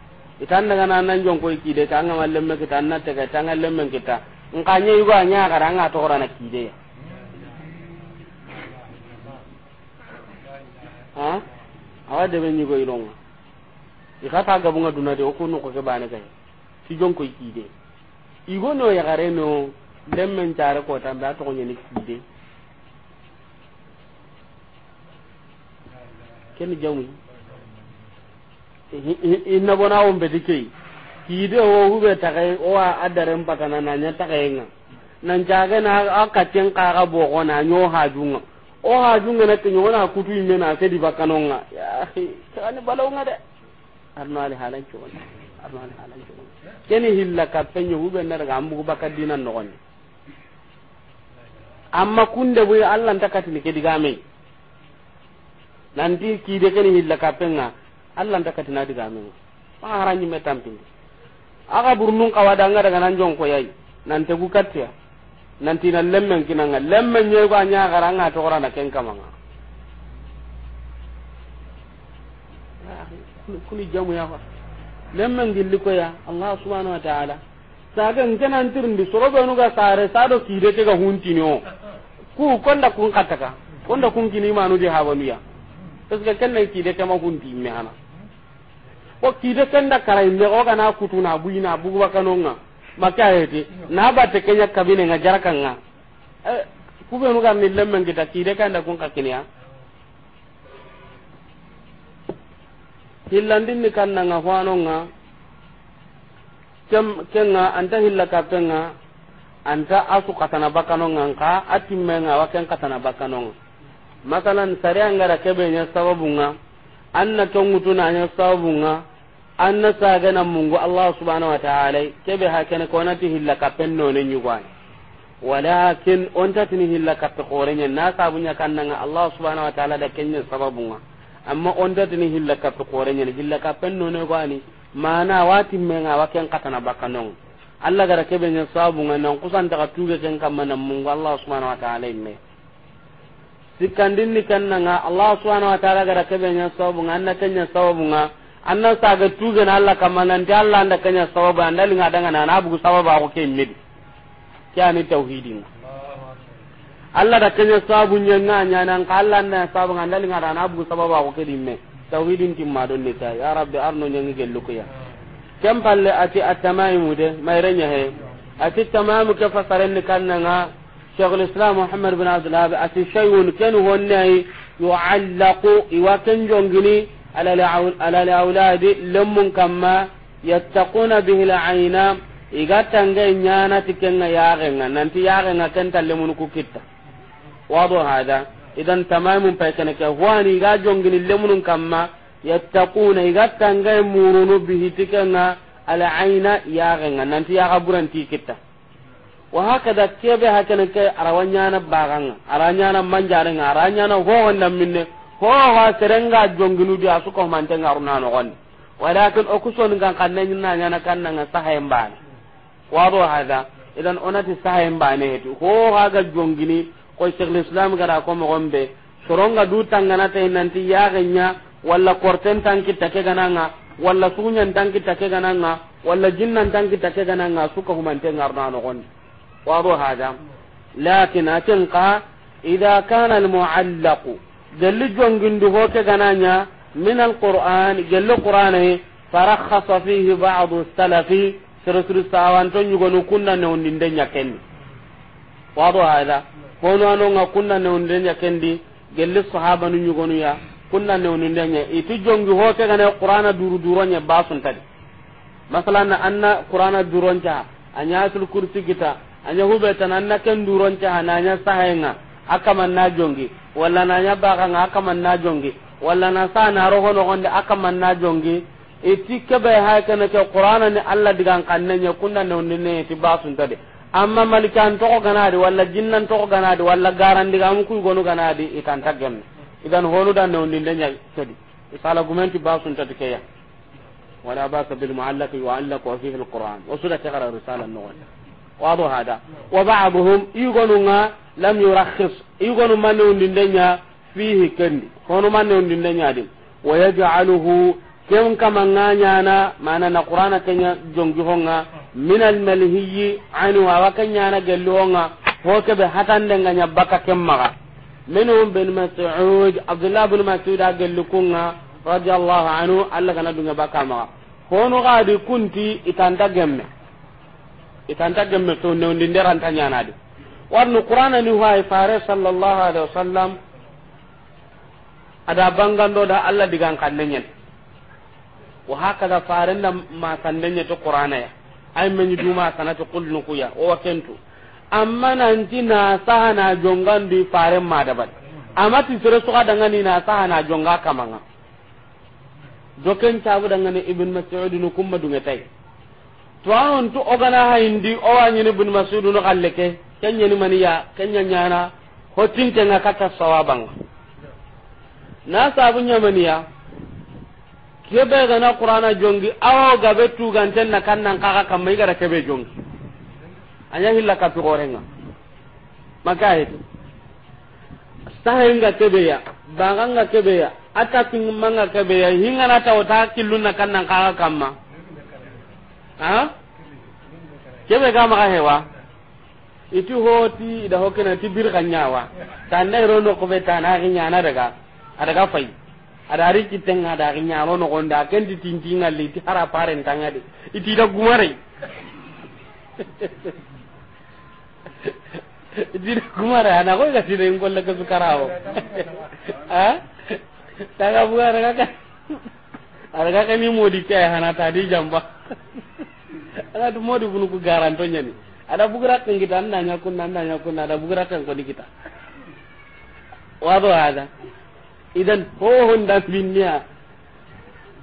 itanda kana nan jonko kide ka anga mallemme kita anna te ka tanga lemmen kita nkanye yuga nya nga to rana kide ha awa debe ni goy longa ikata gabunga dunade o kuno ko ke bane kay ti jon ko ikide igo no ya gare no lemmen tare ko tan ba to ko nyeni kide ken jamu inna bona on mbedi dikei kide o hube takai o a adaren patana na nya takai nga nan jaga na akatin kaga bo ko na nyo hajunga o ha junga na ke nyona kutu imme na ke di bakanonga ya akhi tani balonga de arno ali halan ci won arno ali halan ci won keni hilla ka penyo hube na daga ambu bakadina nogoni amma kunde bu Allah ntakati ni ke diga me nanti ki de keni hilla ka penga Allah ntakati na diga me ma haranyi metampindi aga burnun kawadanga daga nan jonko yayi nan te gukatya na lemmen nga lemmen ñego a to anga togorana ken kamanga kuni ya fa lemmen gilli ya allah subhanahu wa taala saga nkenantirindi ga sare saɗo te ga hunti no ku konda kun kataka konda kun kini ga ken parce que kenna kama hunti me hana o kiide kenda karayimme ogana kutuna buyina nga. maka ayeti na ba batte kenya kabine nga jaraka jarakanga eh, kube nuga min lemmen kita kide kanda kun kakiniya hillandin ni kanna nga hwano nga kenga anta hilla kapenga anta asu katana bakano nga nka atimme nga waken katana bakano nga masalan sare angara kebe nya sababu nga anna tongutuna nya sababu nga anna sagana mungu allah subhanahu wa ta'ala kebe ko nati hilla penno ne nyugwani walakin ontatini hilla hore nya na sabunya kannanga allah subhanahu wa ta'ala da kenya sababunga amma ontatini hilla hore nya hilla penno ne gwani mana wati menga waken katana bakanong allah gara kebe nya sabunga nan kusan daga tuge ken kamana mungu allah subhanahu wa ta'ala ni sikkandinni kannanga allah subhanahu wa ta'ala gara kebe nya sabunga na kenya sabunga anna saga tuga na Allah kamar nan da Allah anda kanya sababa anda linga danga na abu sababa ko ke mid medi kyani tauhidin Allah da kanya sabu nyenga nan ka Allah sababu sabu anda linga na abu sababa ko ke dimme tauhidin timma don ne ta ya rabbi arno ke luku ya kam palle ati atamayimu de mayrenya he ati tamamu ke fasaren kan kannanga شيخ الاسلام محمد بن عبد الوهاب اتي شيء كان هو يعلق وكن جونغني ala lauladi lemmun kamma yattaquna bihi laina igatange ñanati kenga yaxenga nanti yaxenga kenta lemunu ku kitta wado hada idan tamamun pay kene ke huwani iga jongini lemunun kamma yattaquna igatange murunu bihi tikenga ala aina yaxenga nanti yaxa buranti kitta wa hakada kebe hakene ke arawa ñana baxanga ara ñana manjarenga ara ñana howa serenga jonginu a su ko mante ngaruna no gon walakin o kuson kan kanne na nyana kanna nga sahayen bana wado hada idan onati sahayen bana hetu ho haga jongini ko shaykhul islam gara ko mo gombe soronga du tangana tay nanti yaganya walla korten tanki take gananga walla sunyan tanki take gananga walla jinnan tanki take gananga suka humante ngarna no gon wado hada lakin atin ka idha kana al gelli jongindu hoke gananya min alquran gelli qur'ani farakhasa fihi ba'du salafi sirasiri sawanto nyugonu kunna ne undinde nyakendi wado hada kono ano nga kunna ne undinde nyakendi gelli sahaba nu nyugonu ya kunna ne undinde nya iti jongi hoke gana qur'ana duru duro nya basun tadi masalan anna qur'ana duronca anyatul kursi kita anya hubeta anna ken duronca ananya sahenga akaman na jongi wala na nya baka nga akaman na jongi wala na sa na roho no gonde akaman na jongi iti be ha kana ke qur'ana ni alla digan kanne nya kunna no ni ne ti basun tade amma malikan to ganadi wala jinnan to ganadi wala garan diga mu ku gonu ganadi itan tagem idan holu dan no ndinde nya tadi isala ti basun tade ke ya wala ba basa bil muallaq yu'allaq wa fihi al qur'an wa sura ta qara risala an-nubuwah wado hada wa ba'dhum yugonunga lam yurakhis yugonu manne undindenya fihi kendi hono manne undindenya di wa yaj'aluhu kem kama nganyana mana na qur'ana kenya jongi honga min al malhiyi anu wa kanyana gelonga hoke be hatande nganya baka kemmaga minhum bin mas'ud abdullah bin mas'ud agelukunga radiyallahu anhu alla kana dunga baka ma hono gadi kunti itanda gemme itanta gemme to ne undi nderan tanya na de warnu qur'ana ni huwa fare sallallahu alaihi wasallam ada bangando da Allah digan kandenyen wa hakada faran da ma kandenye to qur'ana ya ay men duma sanatu qulnu kuya o oh, wakentu amma nan na saha na jongan di faren ma bad amma ti sere suka ngani na saha na jonga kamanga doken tabu dangani ibn mas'ud nu kumma dungetai to tu to ogana hayndi o wa ni bin masudu no kalleke kenya ni maniya kenya nyana hotin tenga kata sawaban na sabu nya maniya kebe gana qur'ana jongi awo gabe tu ganten na kannan kaka kamai gara kebe jongi anya hilla ka to gorenga maka itu sahenga kebe ya baganga kebe ya ata pingmanga kebe ya hingana ta wata kiluna kannan kaka kamma ha kebe ga maga hewa iti e hoti da hokena ti bir ganyawa tanda ro no kobe tana ginya na daga ada ga fai ada ri kiten ada ginya ro no gonda ken di tintinga li ti ara paren tanga de iti e da gumare iti e da gumare ana ko ga sire ngol la kasu karawo ha daga buara ga ka ada ga ni modi ke hana tadi jamba ada du modi bunu ku garanto nyani ada bugira yang kita anda nya kun anda nya kun ada bugira kan ko kita Waduh ada idan pohon dan binnya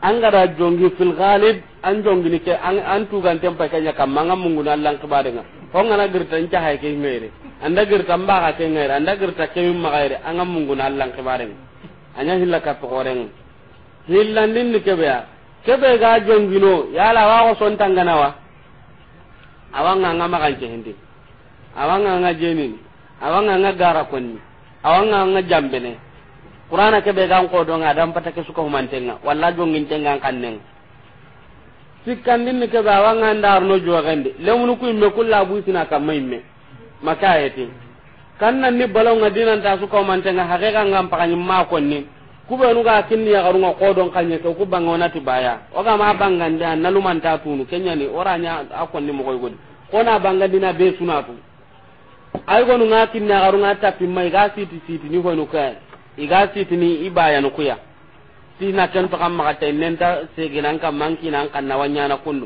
Anggara jonggi fil galib an jongi ni ke an an kan gan tempa kanya kamanga munguna allan kibare nga ho ngana girta nca ke ngere anda girta mba ka ke ngere anda girta ke mimma ngere, anga munguna allang kibare nga anya hilla ka to goreng hillan din ni kebe kebe ga gino, yala wa ko son tangana wa awanga nga magan hindi awanga nga jenini awanga nga gara konni awanga nga jambene qur'ana ke be gan ko nga dam patake suko humantenga walla jongin tenga kannenga sikkan ni ke be awanga ndar no jogende lemunu ku imme bu sina kam maimme makayeti nan ni balonga dinan ta suko humantenga hakeka nga pakanyi ma konni kubenu ga kinni ya garunga kodon kanye to ku ngona ti baya o ga ma banga na naluman ta tunu kenya ni oranya akon ni mogoy godi kona bangan dina be sunatu ay go ga kinni ya garunga ta mai ga siti siti ni hono ka iga siti ni baya no kuya ti na kan to kamma kata nenta seginan kam manki nan kan nawanya na kunu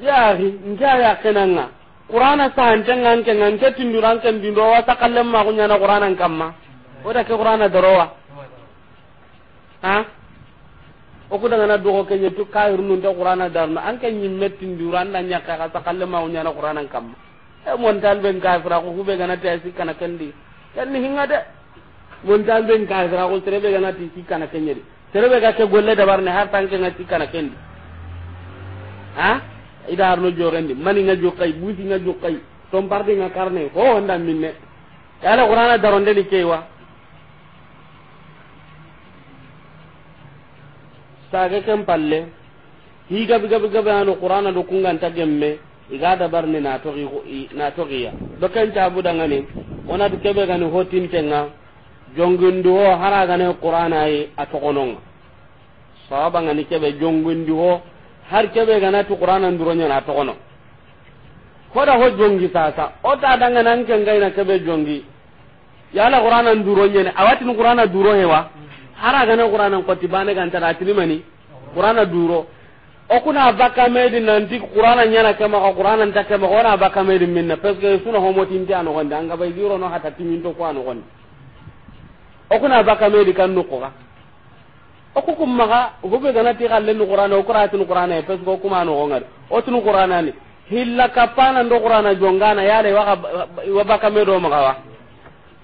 ya ri nja ya kenanga qur'ana sa antengan kenan ketinduran kan dindo wa takallam ma kunya na qur'anan kamma oda ke qur'ana darowa ha oku daga na dogo kenye tu kayru nun ta qur'ana darna an kan yin mettin duran nan nyaka ka sakalle ma unya na qur'ana kam e mon tan ben kafira ko hube gana ta sik kana kandi kan ni hinga de mon tan ben kafira ko terebe gana ti si kana kenye de terebe ga ke golle da barne har tan ke ngati kana kendi ha idar no jorendi mani nga jokai busi nga jokai tomparde nga karne ho onda minne yala qur'ana daronde ni kewa saga ken palle hi biga biga be anu qur'ana do kungan ta gemme iga da barne na to na to ya do kan ta bu ni ona du kebe gani hotin tenga jongundu ho hara gane qur'ana yi atokonon sawaba ngani kebe jongundu ho har kebe gana tu qur'ana nduronya na tokono koda ho jongi sasa o ta dangana an kenga ina kebe jongi yala qur'ana nduronya ne awatin qur'ana duro hewa hara gana qur'anan kotti bane kan tara tini mani qur'ana duro o kuna baka nan nanti qur'ana nyana kama ko qur'ana ta kama ona baka medin minna parce que suna homo tinti an gonda anga bai duro no hata to ko an gonde o kuna baka medin kan no ko o ku kum maga be gana ti galle no qur'ana o qur'ana e, tin qur'ana parce que kuma no ngar o tin qur'ana ni hilla kapana ndo qur'ana jongana yale wa wa baka medo maga wa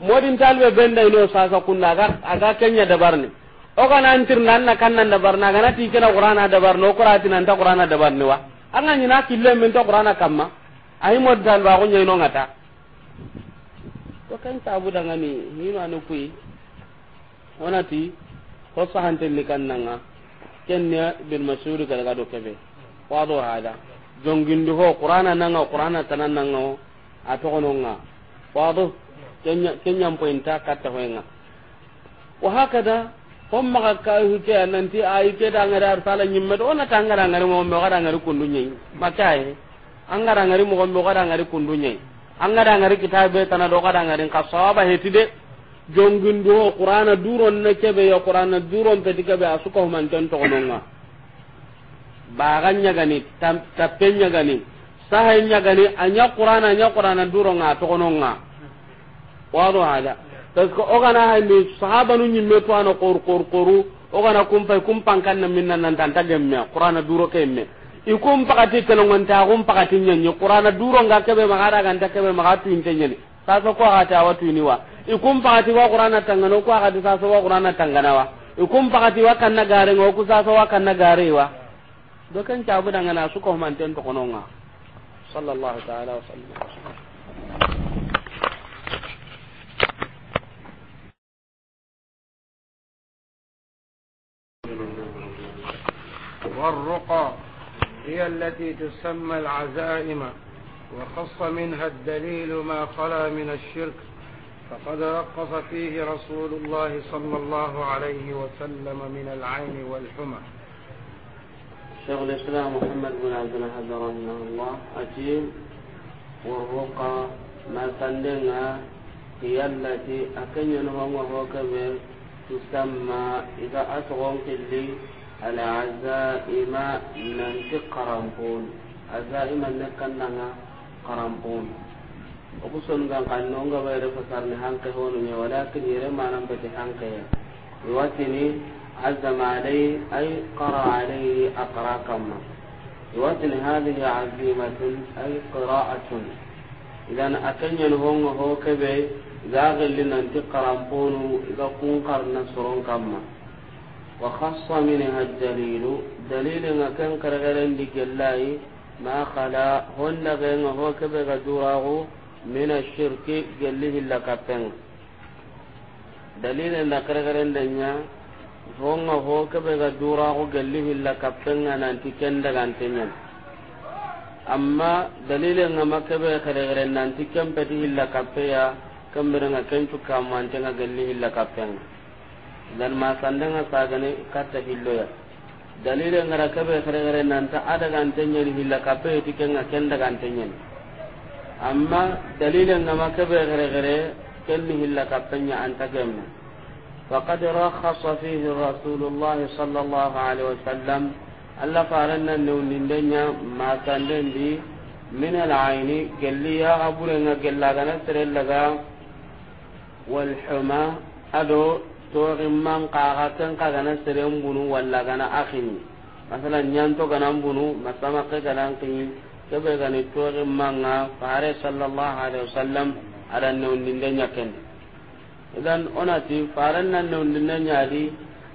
modin talbe benda ino sasa kunna aga aga kenya dabarni o kana antir nan na kannan dabarna kana ti kana qur'ana dabarno qur'ati nan ta qur'ana dabarni wa anga nyina kille men ta qur'ana kamma ayi mod talba ko nyino ngata to kan sabu daga ni hino anu kui onati ko hante ni kannanga kenya bil mashhur kala do kebe do hada jongindi ho qur'ana nanga qur'ana tanan nanga a to wa do kenyam pointa katta hoenga wa hakada hom maka kahu ke nanti ayi ke da ngara arsala nyimme do na tangara ngari mo mo ngara ngari kundu nyai makai angara ngari mo mo ngara ngari kundu nyai angara ngari kitabe tana do ngara ngari kasaba hetide jongin do qur'ana duron ne kebe ya qur'ana duron pedi kebe asuka human ton to gononga baganya gani tapenya gani sahanya gani anya qur'ana anya qur'ana duron ga to gononga wado hada parce o gana hay mi sahaba nu nyimme to ana qor qor qoru gana kum fay kum pankan na minna nan tan tagem me qur'ana duro me i kum pakati kala ngonta kum pakati nyanyi qur'ana duro nga kebe magara ganta kebe magatu sa so ko hata watu ni wa i kum pakati wa qur'ana tangano ko hata sa so wa qur'ana tangana wa i kum pakati wa kanna gare ngo ku sa so wa kanna gare wa do dokan cabu dangana su ko man ten to kononga sallallahu ta'ala wa sallam والرقى هي التي تسمى العزائم وخص منها الدليل ما خلا من الشرك فقد رقص فيه رسول الله صلى الله عليه وسلم من العين والحمى شيخ الإسلام محمد بن عبد الوهاب رحمه الله أجيب والرقى ما سلمنا هي التي أكن وهو كبير تسمى إذا أتغن قلي العزائم ننتي قرنبون عزائم نكنا قرنبون obuson gan kanno nga bayre fasar ni hanke honu ne walakin yere manan bati hanke ya iwatini azama alayhi ay qara alayhi aqra kamma iwatini hadhihi azimatun ay qira'atun idan iga gelli nanti karanponu iga kunkarna soron kamma wa khassa minha dalilu dalilin ga kan kargaren di gellayi ma khala honda ga nga ho kebe ga durago min ashirki gelli hilla kapen dalilin da kargaren danya honga ho kebe ga durago gelli hilla kapen ga nanti kenda gantenyan amma dalilin na makabe kargaren nanti kempeti hilla kapeya kambiranga kencu kamantenga gelli hilla kappenga dan masandanga sagane katta hilloya dalile ngara kabe kare kare nanta adaga antenyen hilla kappe tikenga kenda gantenyen amma dalile ngama kabe kare kare kenni hilla kappenya anta gemna faqad rakhasa fihi rasulullah sallallahu alaihi wasallam alla faranna newndindenya masandendi min al-aini gelli ya aburenga gellagana serellaga والحما أدو توغم من قاغا كان كغنا سرين بنو ولا غنا أخيني مثلا نيانتو غنا بنو مثلا كغنا أخيني tori manga fare sallallahu alaihi wasallam ada ne undinde nyaken idan onati fare nan ne undinde nyadi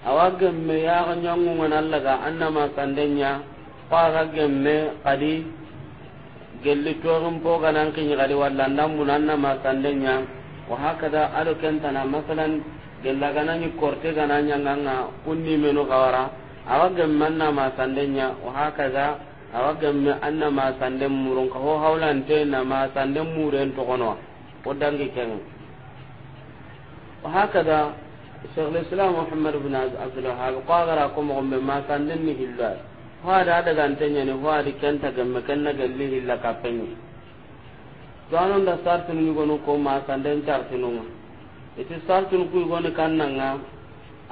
awage me ya nyangu ngana ga annama sandenya kwaga gemme kadi gelli torum po ganan kinyi kadi walla ndamuna annama sandenya وهكذا ألو كنتنا مثلا gella ganani korte gana nyanganga kunni meno kawara awagem manna ma sandenya wa hakaza awagem anna ma sandem murun ho hawlan te na ma sandem muren to kono odangi ken wa hakaza شيخ الاسلام محمد بن عبد الوهاب قاغرا كوم غم ما سندني هلا هذا هذا غانتني هو هذا كنت غم كن قال لي هلا كفني tuanon da sartinu ñugonu ko ma sanden cartinunga iti sartinu ku igoni kannanga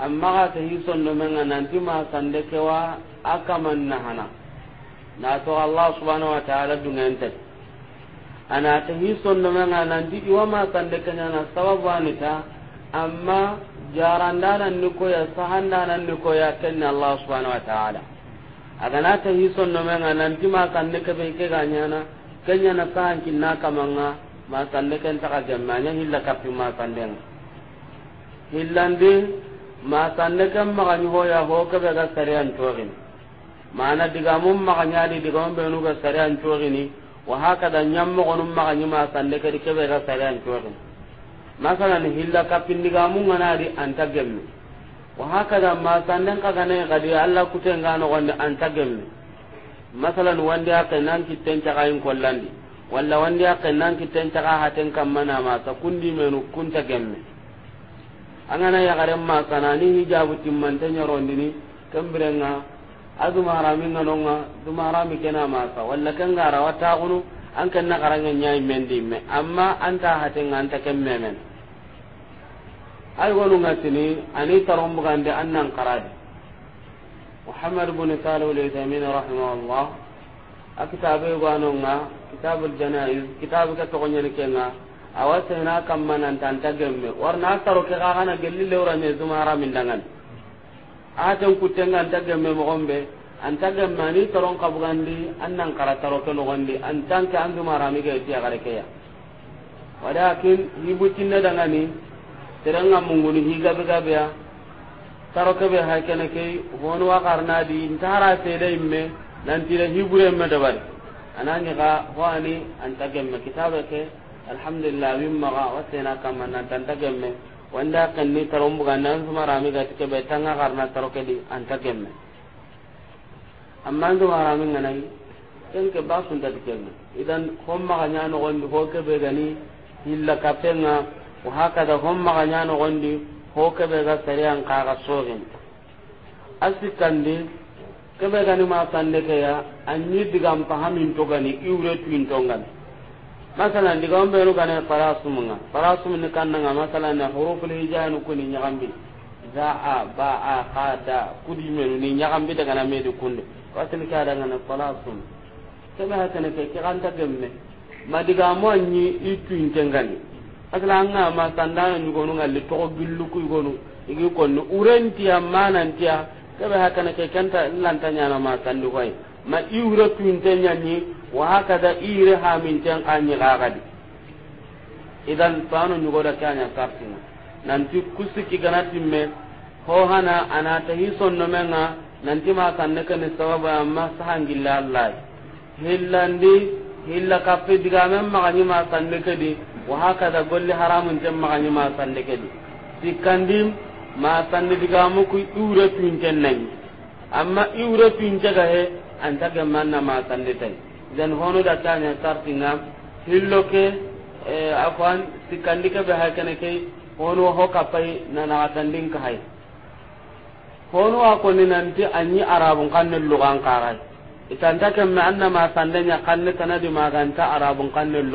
amma ga ta hisonno menga nanti ma sande kewa a kaman nahana na to allah subhanahu wa ta'ala dungente ana ta hisonno menga nanti iwa ma sande kenyana sababu anita amma jarandanan ni koya sahandanan ni koya kenni allah subhanahu wa ta'ala agana ta hisonno menga nanti ma sande kebe ke ganyana kenya na kan kinna kamanga ma sande ken taka jamanya hilla kapi ma sande hillandi ma sande kan magani hoya ho ka ga sariyan togin mana diga mum maganya di diga mum benu ga sariyan ni wa haka da mo gonum magani ma sande ka ke ga sariyan togin masalan hilla kapi diga mum ngana di anta gemmi wa haka da ma sande ka ga kadi ga alla kutenga no gonde anta gemmi masalan wande ake nan kitten cakayin kollandi walla wande ake nan kitten caka haten kammana masa kundi menu kunta gemme angana yagaren masanani hijabu timmante ñorondini kembirenga aduma harami nga nonga duma harami kena masa walla kenga arawa taxunu an kenna xarange ñayi men dimme amma anta hatenga anta kemmemen ay wonungatini ani tarombugande an nan xaradi محمد بن صالح العثيمين رحمه الله akitabe ganonga kitabul janaiz kitabu ka to gonya kenga awase na kamma nan tanta gemme warna taro ke ga kana gelli lewra ne zumara min dangan atan kutenga anta gemme mo gombe anta gemme ni toron kabugandi annan kara taro ke nogondi antan ka anduma rami ke tiya gare ke ya walakin hibutin na dangani teranga munguni higa be gabe ya taro kebe ha kene ke honu wa karna di intara sede imme nanti da hibure imme da bari anani ga wani an tagamme kitabe ke alhamdulillah wimma ga wasena kamma nan tan tagamme wanda kan ni taro mbuga nan suma rami ga tike be tanga karna taro ke di an tagamme amma ndo rami nganai ken ke ba sun da tikemme idan homma ga nyano gondi ho kebe gani illa kapenga wa hakada homma ga nyano gondi ho kebe ga sariyan kaga sogin asikandi kebe gani ma sande ke ya anyi digam pahamin to gani iure tuin to gani masala diga on beru gani parasumunga parasumun kan nga masala na huruful hijan ku ni nyambi za a ba a khada kudi menu ni nyambi daga na medu kunde watin ka daga na parasum kebe hatane ke kiranta gemme madiga mo anyi itu intengani asla nga ma tandana nyugonu ngalli go gillu ku yugonu igi konno tiya manantia kebe hakana ke kanta lanta na ma tandu koy ma tu intenya ni wa hakada ire ha min tan kanyi gagadi idan tano goda kanya kartinga nanti kusiki ganati me ho hana ta hi sonno menga nanti ma ke kan sababa amma sahangilla allah hillandi hilla kappe diga men ma kanyi ma ke di waxaa kata golli haramuun jamaqaani maasande kelli sikaan diim maasande digaamu kuy iwure tuunte nañ a ma iwure tuunte ga'ee an dange maan na maasande tey jen hoon dakaayaa tartiin gaaf hiilo kee akwaan sikaan diike baayee kene key hoon waaho ka fay nanaa sandi kaxee hoon waa ko ninnaan te anyi araabuun qanneen lu gaana kaarra isaani dangeen maan na maasande nyaa qanne kanadi maagaan taa araabuun qanneen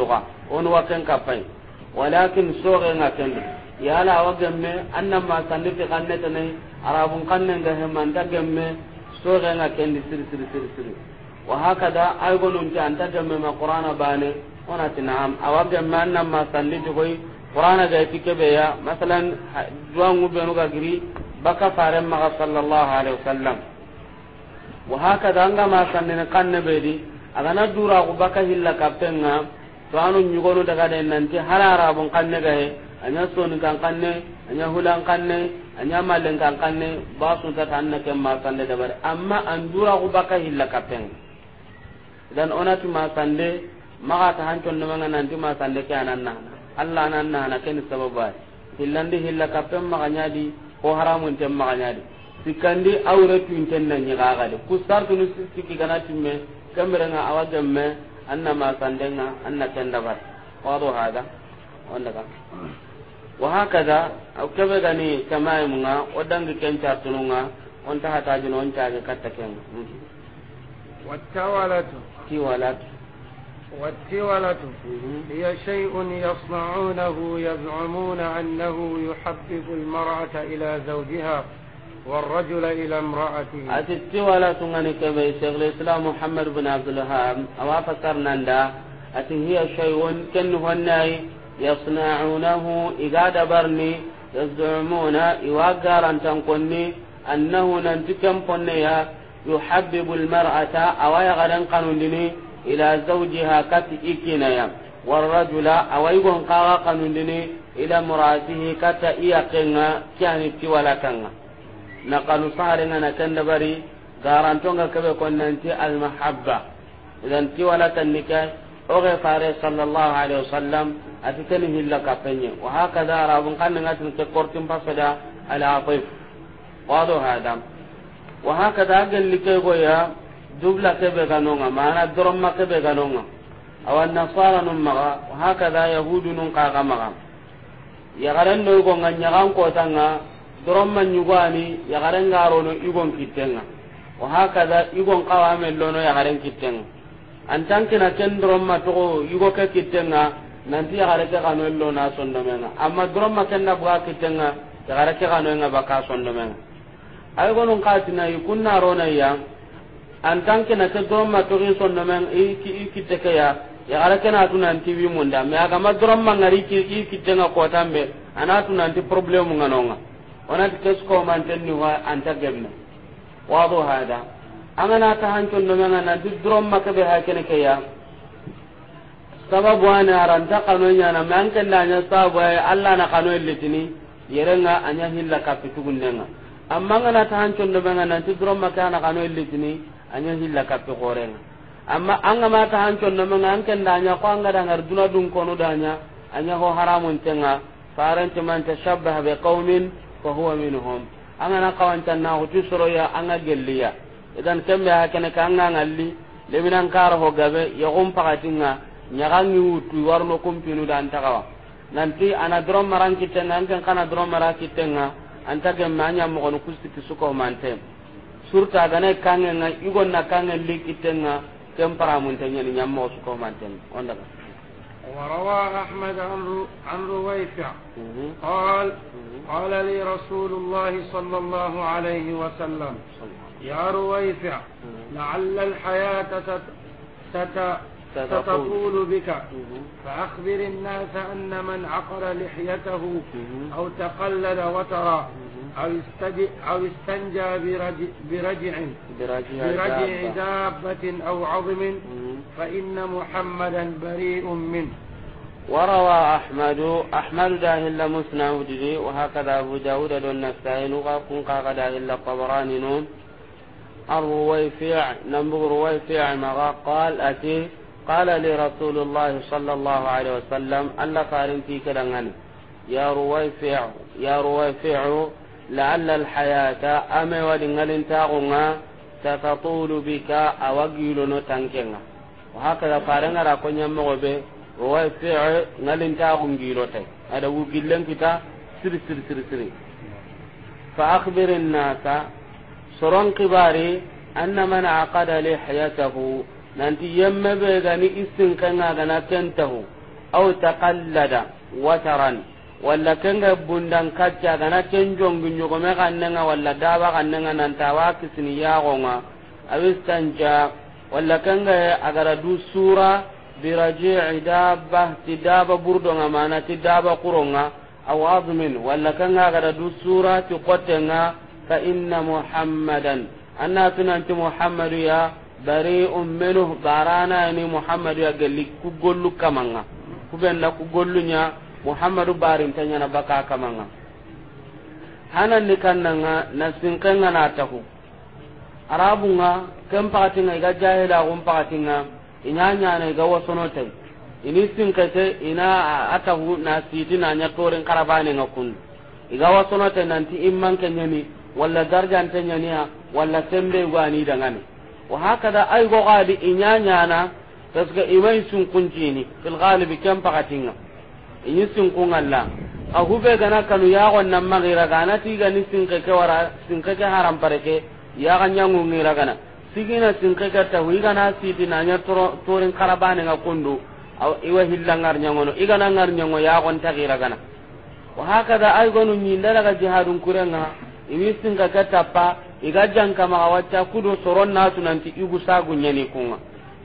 on waken kapai walakin soge nga kendo yala wagemme annam ma sanni fi kanne tanai arabun kanne ga hemman ta gemme soge nga kendi sir sir sir sir wa hakada ay gonun ta anta gemme ma qur'ana bane ona tinam awagemme annam ma sanni to koy qur'ana ga tikebe ya masalan duwangu no ga giri baka faren ma sallallahu alaihi wasallam wa hakada anga ma sanni kanne di agana dura ku baka hilla kapenga to anu nyugonu daga de nanti halara bon kanne ga he anya sonu kan kanne anya hulan kanne anya malen kan kanne ba su ta tanna kem ma kanne da bare amma andura ku baka hilla kapeng dan onati ma sande maka ta hancon no manga nanti ma sande ke anan ananna Allah nan na na ken sababa hillandi hilla kapeng maga nyadi ko haramun tem maga nyadi sikandi awre tuinten nan nyaga ga de ku sartu nu sikki kana timme kamera nga awa gamme أنما ما سندنا أن نتندبر واضح هذا وندبر وهكذا أو كبدني كما يمنا ودنك كن تنونا وانت هتاجن وانت هتاجن كتكين والتولت تولت هي شيء يصنعونه يزعمون أنه يحبب المرأة إلى زوجها والرجل إلى امرأته أتتي ولا تغني كبي شيخ الإسلام محمد بن عبد الوهاب أو فكرنا دا أتي هي شيء كن هناي يصنعونه إذا دبرني يزعمون إواقار أن تنقلني أنه ننتكم فنيا يحبب المرأة أو يغدن قانوني إلى زوجها كتئكنيا والرجل أو يغن قاقا قانوني إلى امرأته كتئكنا كانت ولا كنا na kanu sare na da bari garanto nga kebe ti al mahabba idan ti wala kan nika o ga fare sallallahu alaihi wasallam ati tan hilla kapenye wa da rabun kan nan atin ke kortin fasada ala atif wado hada wa hakaza nika go goya dubla kebe ganonga mana doromma kebe ganonga awan nasara nun maga wa hakaza yahudu nun kaga maga garan do go nga nyagan ko tanga doromma ñugoani yagarengarono igon kittenga wa hakaza igon qawamellono yagaren kittenga antankina ken doromma togo igo ke kittenga nanti yagare ke ganoello na sondomenga amma doromma kenna buga kittenga yagare ke ganoenga baka sondomenga ay gonun katinayi kunnaronaya antankina ke doromma togi sondomenga i kitte keya yagare kenatu nanti wimunda mais agama doromma ngari i kittenga kotanɓe anatu nanti probléme nganonga onati kesko mantenni wa anta gebne wado hada angana ta hancon do ngana na didrom makabe hakene kaya sababu ana aranta kanonya na man kanda nya sababu ay alla na kano litini yerenga anya hilla kapitugunnenga amma ngana ta hancon do ngana didrom makana kano litini anya hilla kapi korenga amma anga ma ta hancon do ngana an kanda nya ko anga da ngar duna dun kono danya anya ho haramun tenga faran man tashabbaha bi qaumin fa huwa minhum angana kawanta na hutu soroya anga gelliya idan kembe ha kene ka anga ngalli lebinan kara ho gabe ya gum pakatinga nyagangi wutu warno kumpinu dan takawa nanti ana drom maran kitenga anken kana drom mara kitenga anta gemme anya mo kono kustiki suko mante surta gane nga igon na kangen likitenga kempara mun tanya ni nyammo suko mante onda وروى أحمد عن عن رويفع قال قال لي رسول الله صلى الله عليه وسلم يا رويفع لعل الحياة تت ستطول بك فأخبر الناس أن من عقر لحيته أو تقلد وترى أو, أو استنجى برجع برجع دابة أو عظم فإن محمدا بريء منه وروى أحمد أحمد داه إلا مسنى وجدي وهكذا أبو داود دون نستعين وقاكم قاقدا إلا الطبراني نون الرويفيع نبغ رويفيع مغا قال أتي قال لي رسول الله صلى الله عليه وسلم أن قارن في كلمة يا رويفع يا رويفع لعل الحياة أما ولنغل تاغنا ستطول بك أوجل تنكنا وهكذا قارن راكون يمغبه رويفع غل تاغن جيلوتي هذا وجلن كتا سر سر سر سر فأخبر الناس سرون كباري أن من عقد لحياته nanti yemme be gani istin kanga gana kentahu aw taqallada wataran walla kenga bundan kacca gana kenjongi nyogome kannanga walla daba kannanga nanta wa kisini yagonga awistanja walla kenga agara du sura biraji'i dabba ti daba burdonga mana ti daba kuronga aw azmin walla kenga agara du sura ti qotenga fa inna muhammadan anna tunanti muhammadu ya bari'un minhu barana ni muhammad ya galli ku gollu kamanga ku benna ku gollunya muhammadu barin tanya na baka kamanga hanan ni kannanga nasin kanga na taku arabunga kan pakatinga ga jahila gun nga inyanya na ga wasono tai ini sin kete ina atahu na siti na nya torin karabane kun iga wasono tai nanti imman kenyani wala darjan tanyani wala sembe wani dangane wa hakada ay go gadi inyanya na tasga imai sun kuncini fil ghalibi kam pakatinga inyi sun kun kungalla a hube na kanu ya wannan magira gana tiga ni sun kake wara sun kake haram pareke ya ganya ngungira gana sigina sun kake ta gana siti na nya torin karabane ga kundu aw iwa hillangar nyangono igana ngar nyango ya gon tagira gana wa hakada ay gonu nyinda daga jihadun kurenga iwi sun kake tappa iga ma awatta kudo soron natu nanti sagu nyani kunga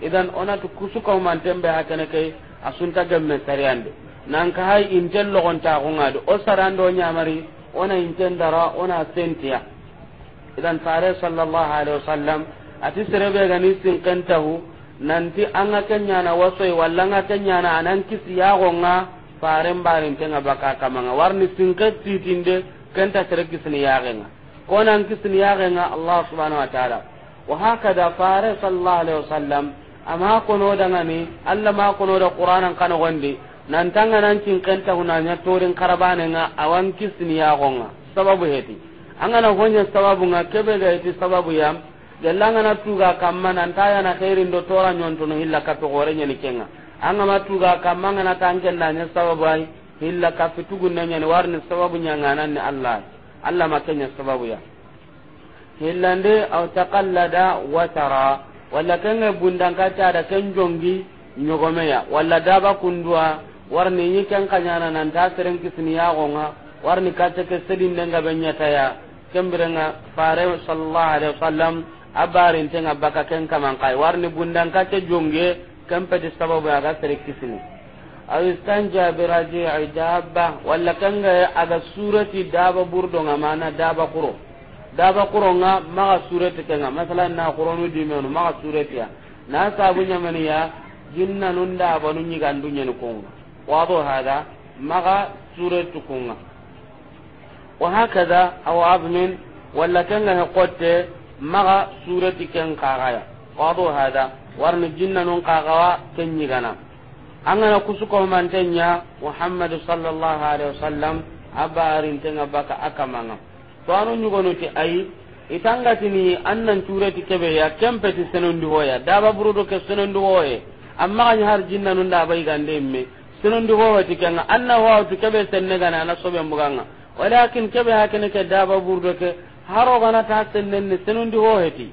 idan tu onatu kusukahumantenɓe ha kene kay a sunta tariande nan ka hay inten logontaxungadi o sarande o ñamari ona inten dara ona sentiya idan fare sallallahu alaihi wasallam ati serebe gani sinkentahu nanti anga na wasoi wallanga anga na anan kisi gonga faren barin tenga baka kamanga warni sinket titinde kenta ya yagenga kisin kisini ganga allah subhanahu wa taala da fare sallallahu alaihi wasallam da konodangani allah ma da qur'anan kan nantanga nan cinkentagunanya torin karabanenga awan kisini gonga sababu heti angana gonya sababu nga kebe da heti sababu ya gellanga na tuga kamma nantaya na khairin do tora no hilla kato gore ni kenga anga ma tuga kamma ngana tangen nan sababu ai hilla kape tugunna ni warne sababu ngana ni allah allah makanya sababu ya hillande au taqallada wa tara wala watara walla kenge bundankatada ken jongi ñogomeya wala daba kundua warni kanyana nan ta nanta kisniya gonga warni katta ke sedin sedindenga ɓe ñataya kembirenga fare sallallahu alaihi wasallam abarin barintenga baka ken warni kay warni bundankatta jonge kempeti sababu aga sere kisniya aw istanja bi raji'i dabba walla kanga aga surati daba burdo ngamana daba kuro daba kuro nga maga surati kanga masalan na di dimenu maga surati ya na sabu nyamani ya jinna nun da banu nyigandu ko wa do hada maga surati kunga wa hakaza aw azmin walla kanga qotte maga surati kan wa do hada warni jinna nun kagawa kan nyigana angana mantenya muhammadu sallallahu alaihi wasallam abarintenga baka akamanga to anu ñugonuti ayi ture an nan ya kempe ti senondi hoya daba burudo ke senondi hoye amma kañi har jinnanu ndaba yigandemme senondi ti kenga an na howatu keɓe sennegana ana soɓe mbuganga walakin kebe hakene ke daba burdo ke haroganata sennenni senondi hoheti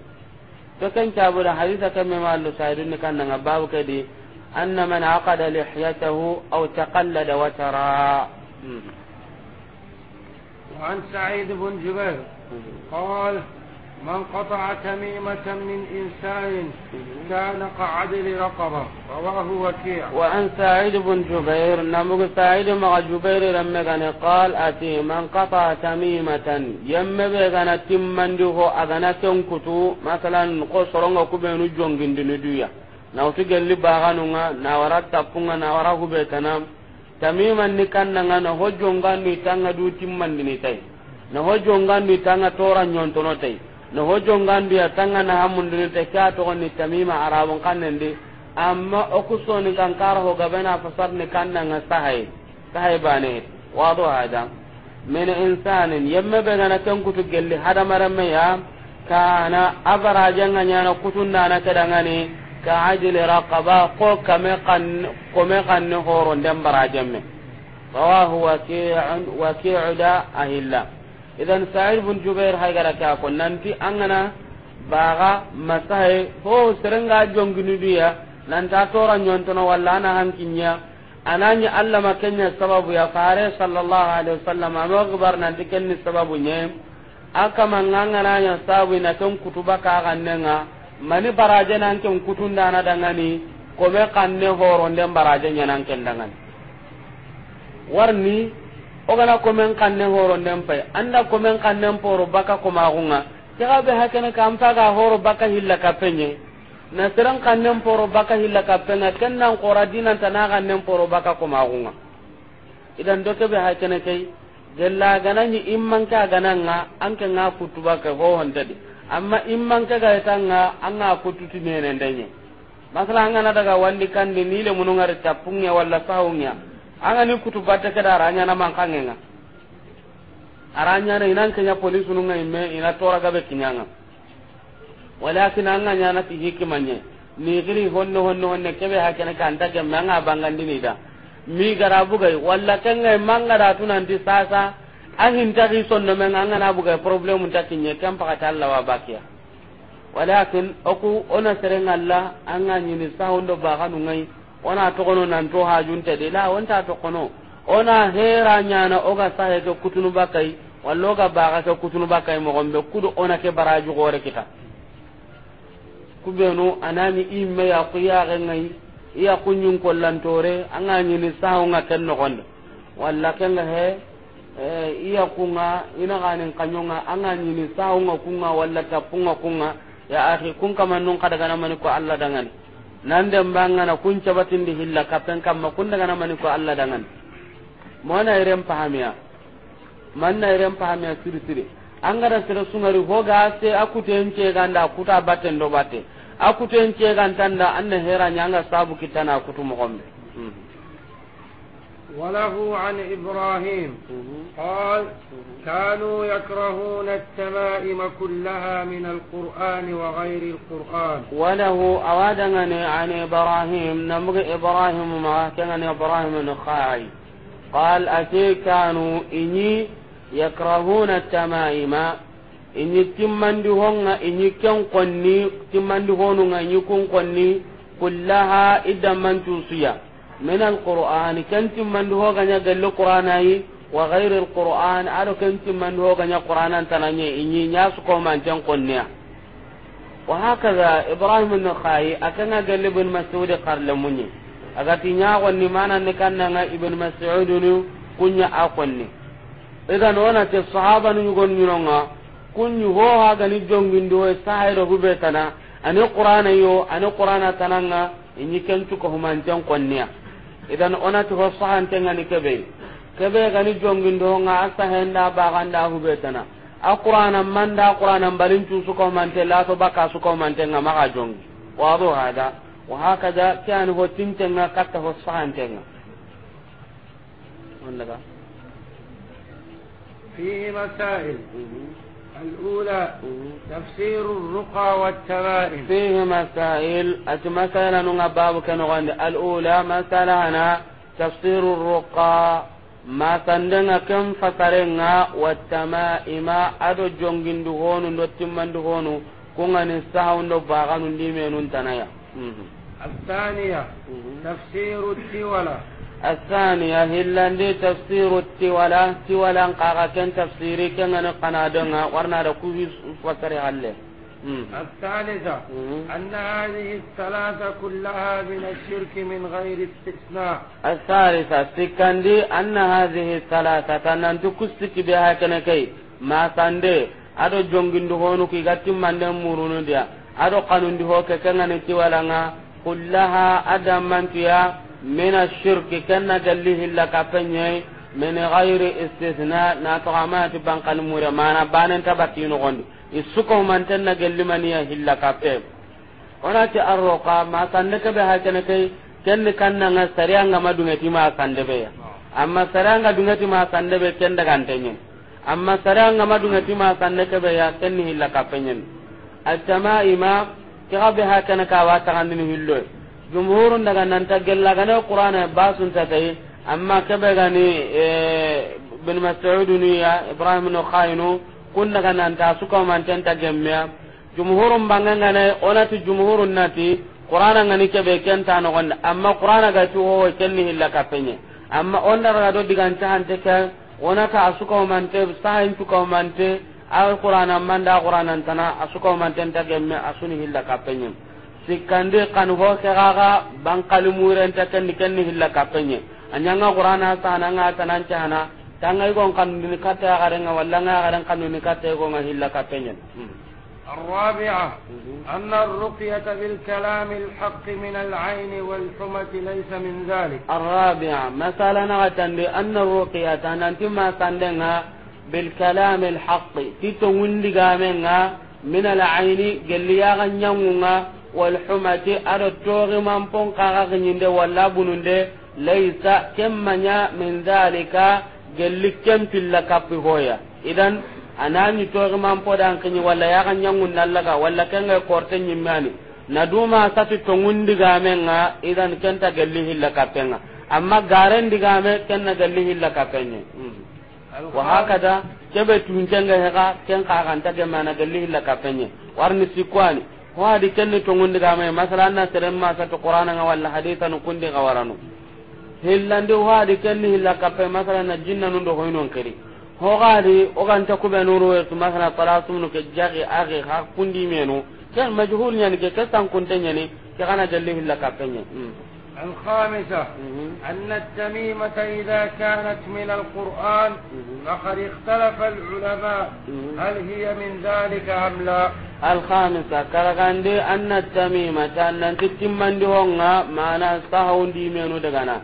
to kencaɓuda hadisa kemme mallu saidunni kannanga babu kedi أن من عقد لحيته أو تقلد وترى وعن سعيد بن جبير قال من قطع تميمة من إنسان كان قعد لرقبة رواه وكيع وعن سعيد بن جبير نمو سعيد مع جبير لما قال أتي من قطع تميمة يم بغنا تمندوه أغنى تنكتو مثلا قصرنا كبين جنجن دنيا nawtu gelli baganunga nawara tappunga nawara hubetana tamimanni kannanga na ho jongandu tanga du ni tay na ho jongandu tanga tora nyontono tay na ho jongandu ya tanga na ni tay kya togonni tamima arabon kannendi amma ni kan kara ho gabena fasarni kannanga sahay sahay bane wado hada min insanin yamma be gana kan kutu gelli hadamaramme ya kana abarajanga nyana na kadangani ka ajli raqaba ko kame kan me kan ne horon den barajamme rawahu waqi'un waqi'u da ahilla idan sa'id bin jubair hay gara ka ko nanti angana baga masahe ho serenga jongini nan ta tora no walla ana hankinya ananya alla makenya sababu ya fare sallallahu alaihi wasallam amma gbar nanti kenni sababu nye aka manganga nanya sababu ina ton kutuba ka ganenga mani baraje nan ken kutundana dangani kome kanne nden baraje nan ken dangani warni ogana komen kanne nden pay anda komen kanne poro baka komagunga kega be hakene kam ga horo baka hilla kapenye na seran kanne poro baka hilla kapenga ken nan qora dinan tana kannen poro baka komagunga idan doke be hakene kai gella gananyi imman ka gananga anke nga kutuba ka ho hontadi amma imman ka ga an anga kututu ne ne ndenye masala an na daga wandi kandi ni le munungar tapunnya walla sahunnya an ni kutu batta ka da ranya na mankange nga aranya na inan kenya police nunga me ina tora ga be kinyanga walakin anga nya na ti hikimanye ni giri honno honno honne kebe hakene kan daga manga bangandi ni da mi garabu gai walla kanga manga da tunan di sasa ahin ta ri son na men angana buga ta nta kan pa ta allah wa bakiya walakin oku ona sereng allah an anga ñini sahundo baxanu ngai ona to kono nan togono nanto hajunte de la on ta to kono ona hera ñana oga sahe ke kutunu bakai wallo ga ba ga ke kutunu bakai bakay mogonɓe kudu ona ke baraju gore kita kubenu anani imme yaku yaxe ngai iyaku ñinkollantore anga ñini sahunga ken nogonde walla kenga he Eh, iya kunga ina ganin kanyonga anga nyini saunga kunga walla ta kunga ya akhi kun kama nun kada gana mani ko Allah dangan nan da mbanga na kun cabatin di hilla kapen kamma kun daga na mani ko Allah dangan mona irem pahamiya manna irem pahamia siri siri anga da sira sungari hoga ase aku ence ganda kuta baten do bate aku ence ganda tanda anna hera nyanga sabu kitana kutu mo gombe mm -hmm. وله عن إبراهيم قال كانوا يكرهون التمائم كلها من القرآن وغير القرآن وله أرادنا عن إبراهيم نمر إبراهيم ما كان إبراهيم نخاعي قال أتي كانوا إني يكرهون التمائم إني تمندي إني كن قني تمندي هون إني كن قني كلها إذا من توصيه من القرآن كنت من هو غنى قال له قرآن أي وغير القرآن ألو كنت من هو غنى قرآن أنت لني إني ناس ناسكو من تنقلني وهكذا إبراهيم النخاي أكنا قال له ابن مسعود قال له لمني أغتي ناغني مانا نكنا ابن مسعود كنيا أقني إذا ونت الصحابة نيقول نيرونغا كن ho ha gani jongindo e سائر hubetana ani qur'ana yo ani qur'ana tananga إني كنت ko human jan idan onati ho sahantengani keɓe keɓe gani jongindohonga a sahenda baganda hubetana a qur'ana manda qur'ana balincu sukomante lato bakka sukomantenga maga jongi wado hada wa hakaza kani ho tintenga katta ho sahantenga on daga fi masail mhm. الأولى تفسير الرقى والتمائم فيه مسائل أتمثلا باب كنغند الأولى مثلا تفسير الرقى ما سندنا كم فترنا والتمائم أدو جونجين دهون دو تمان دهون كونغن السهون دو باغان ديمين تنايا الثانية تفسير التولى الثانية هلا دي تفسير التولى تولى قاقا كان تفسيري كان أنا قنادنا ورنا ركوه فكري هلا الثالثة أن هذه الثلاثة كلها من الشرك من غير استثناء الثالثة سكندي أن هذه الثلاثة تنانتو كستك بها كنكي ما سندي أدو جونجين دهونو كي غتم من دمورونو ديا أدو قانون دهو كي كان نتوالانا كلها أدام من تيا من الشرك كنا جليه إلا كفنيه من غير استثناء ناتغامات بانق الموري ما نبان انت بكين غندي السكه من تنا جل من يهلا كفيه ونأتي الرقى ما سندك بها كنكي كن كان نغسريان ما دونتي ما سندبيا amma saranga dungati ma sande be kenda gantenyen amma saranga ma dungati ma sande ke be ya kenni hilla kapenyen al tamaima ke ga be hakana ka wa ta ganni hillo jumhurun daga nan ta gella gane ne qur'ana basun ta tai amma kebe ga ni bin mas'ud ni ya ibrahim no khainu kun daga nan ta suka man tan ta gemmiya jumhurun banganga ne onati jumhurun nati qur'ana ngani kebe ken ta no gonda amma qur'ana ga tu ho ken ni hilla kapenye amma onda ra do digan ta han te ka onata asuka man te sahin tu ka man te al qur'ana man da qur'ana tana asuka man tan ta gemme asuni hilla kapenye sikkandi kan ho kegaga bankali murenta kenni kenni hilla kappenye anyanga qur'ana sana nga tanan chana tanga igon kan ni katta agarenga walla nga agaren kan ni katta igon hilla kappenye الرابعة أن الرقية بالكلام الحق من العين والحمة ليس من ذلك الرابعة مثلا غتندي أن الرقية أنت ما بالكلام الحق تتوندي من العين قال لي walhumati aɗo toximan pon kaxa xiñinde walla bununde laysa kemmaña min dalika gelli kem pilla kappi hoya idan anani toximan podan xiñi walla yaxa ñangundallaga walla kenge korte ñimmeani na duma sati tongundigamenga idan kenta gelli hilla kappenga amma garendigame kenna gelli hilla kappenye hmm. wa hakada kebe tuncenga heka ken kaxanta gemana gelli hilla kappenye warni sikkani ho adi kenni tongundi gamay masala anna seren masa to qur'ana nga wala hadisa nu kundi ga waranu hillandi ho adi kenni hilla kappe masala na jinna nu do hoynon keri ho gadi o ganta kube nuru wetu masala talatum nu ke jagi agi ha kundi menu ken majhul nyani ke kesan kunte nyani ke kana jalli hilla kappe nyani الخامسة أن التميمة إذا كانت من القرآن فقد اختلف العلماء هل هي من ذلك أم لا الخامسة كرغاندي أن التميمة أن تتمن دهونها ما استهون دي منو دغنا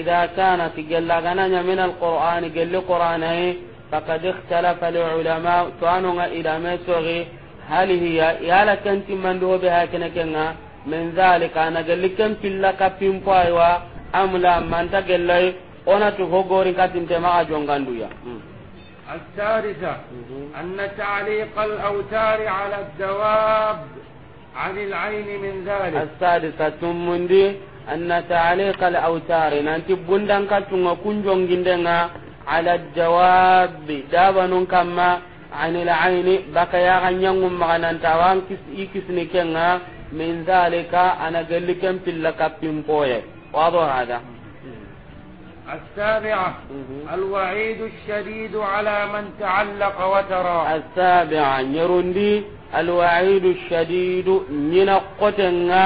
إذا كانت جلغنا من القرآن جل قرآنه فقد اختلف العلماء توانونا إلى ما هل هي يا أنت من دهو بها كنكنا min zalika na gelikan pilla ka pimpo aywa amla manta gellai ona to hogori katin tema ajongandu ya الثالثة أن تعليق الأوتار على الدواب عن العين من ذلك الثالثة ثم أن تعليق الأوتار نانتي بندن كاتونغ كنجون جندنا على الجواب دابن كما عن العين بقى يا غنيان مغنان تاوان كيس إيكس نكينا min zalika ana gelli ken pilla kappin poye wado hada السابعة الوعيد الشديد على من تعلق وترى السابعة يرندي الوعيد الشديد من قتنا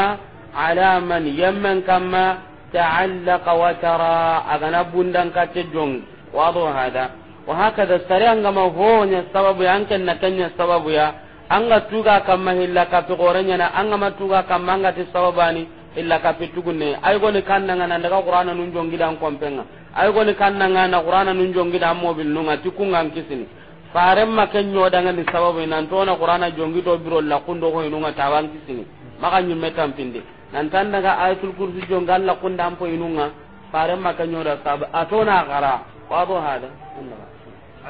على من يمن كما تعلق وترى أغنب دنك تجون واضح هذا وهكذا السريع كما هو السبب يمكن نكن السبب يا anga tuga kamma hilla kapi qorenya na anga matuga kamma anga ti sababani illa fi tugunne ay goni kannanga na daga qur'ana nun jongidan kompenga ay goni kannanga na qur'ana nun jongidan mobil nunga ti tikungan kisini ma faren make ñodanga ni sababu nan tona qur'ana jongi to biro la kundo ko inunga tawan kisini maka nyumme tampinde nan tan daga ayatul kursi jonga alla kunda ampo inunga ma faren make ñoda sababu atona gara wado hada Allah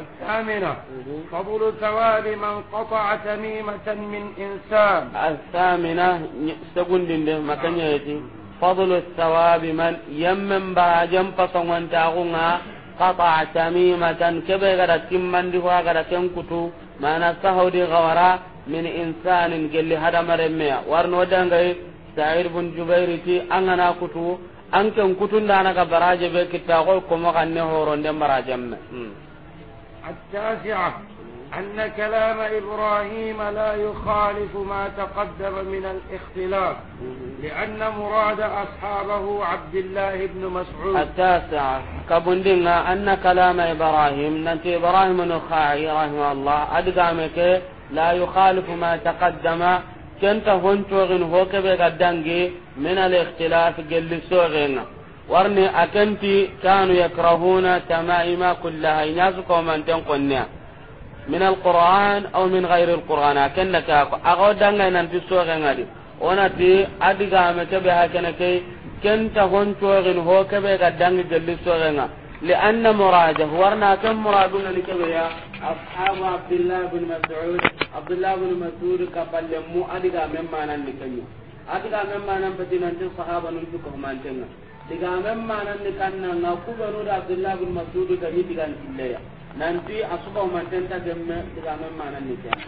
الثامنة فضل ثواب من قطع تميمة من إنسان الثامنة سبون دين مكان يأتي فضل الثواب من يمن باجم فصوان تاغونا قطع تميمة كبه غدا تمن دفا غدا تنكتو ما نسهو دي غورا من إنسان قل هذا مرمي ورنو دانغي سعير بن جبير تي أنغنا كتو an ken دانا da na كمغاني هورون be kitta ko التاسعة أن كلام إبراهيم لا يخالف ما تقدم من الاختلاف لأن مراد أصحابه عبد الله بن مسعود التاسعة كبندنا أن كلام إبراهيم أنت إبراهيم النخاعي رحمه الله أدقامك لا يخالف ما تقدم كنت هنتوغن هو كبير من الاختلاف قل warni akenti kanu yakrahuna tamaima kullaha inyasu ko man tan qonna min alquran aw min ghairi alquran akenna ka ko ago danga nan ti so ngadi onati adiga me ke be hakene ke kenta hon chorin ho ke be ga dangi gelli so nga li anna murajah warna kam muradun ni ke ya ashabu abdullah ibn mas'ud abdullah ibn mas'ud ka palle mu adiga me manan ni kenyo adiga me manan patinan ti sahaba nun ko man tenga diga men manan ni kanna na ku banu da abdullah bin mas'ud ga ni digan tilleya nanti asuba man tanta gemme diga men manan ni kanna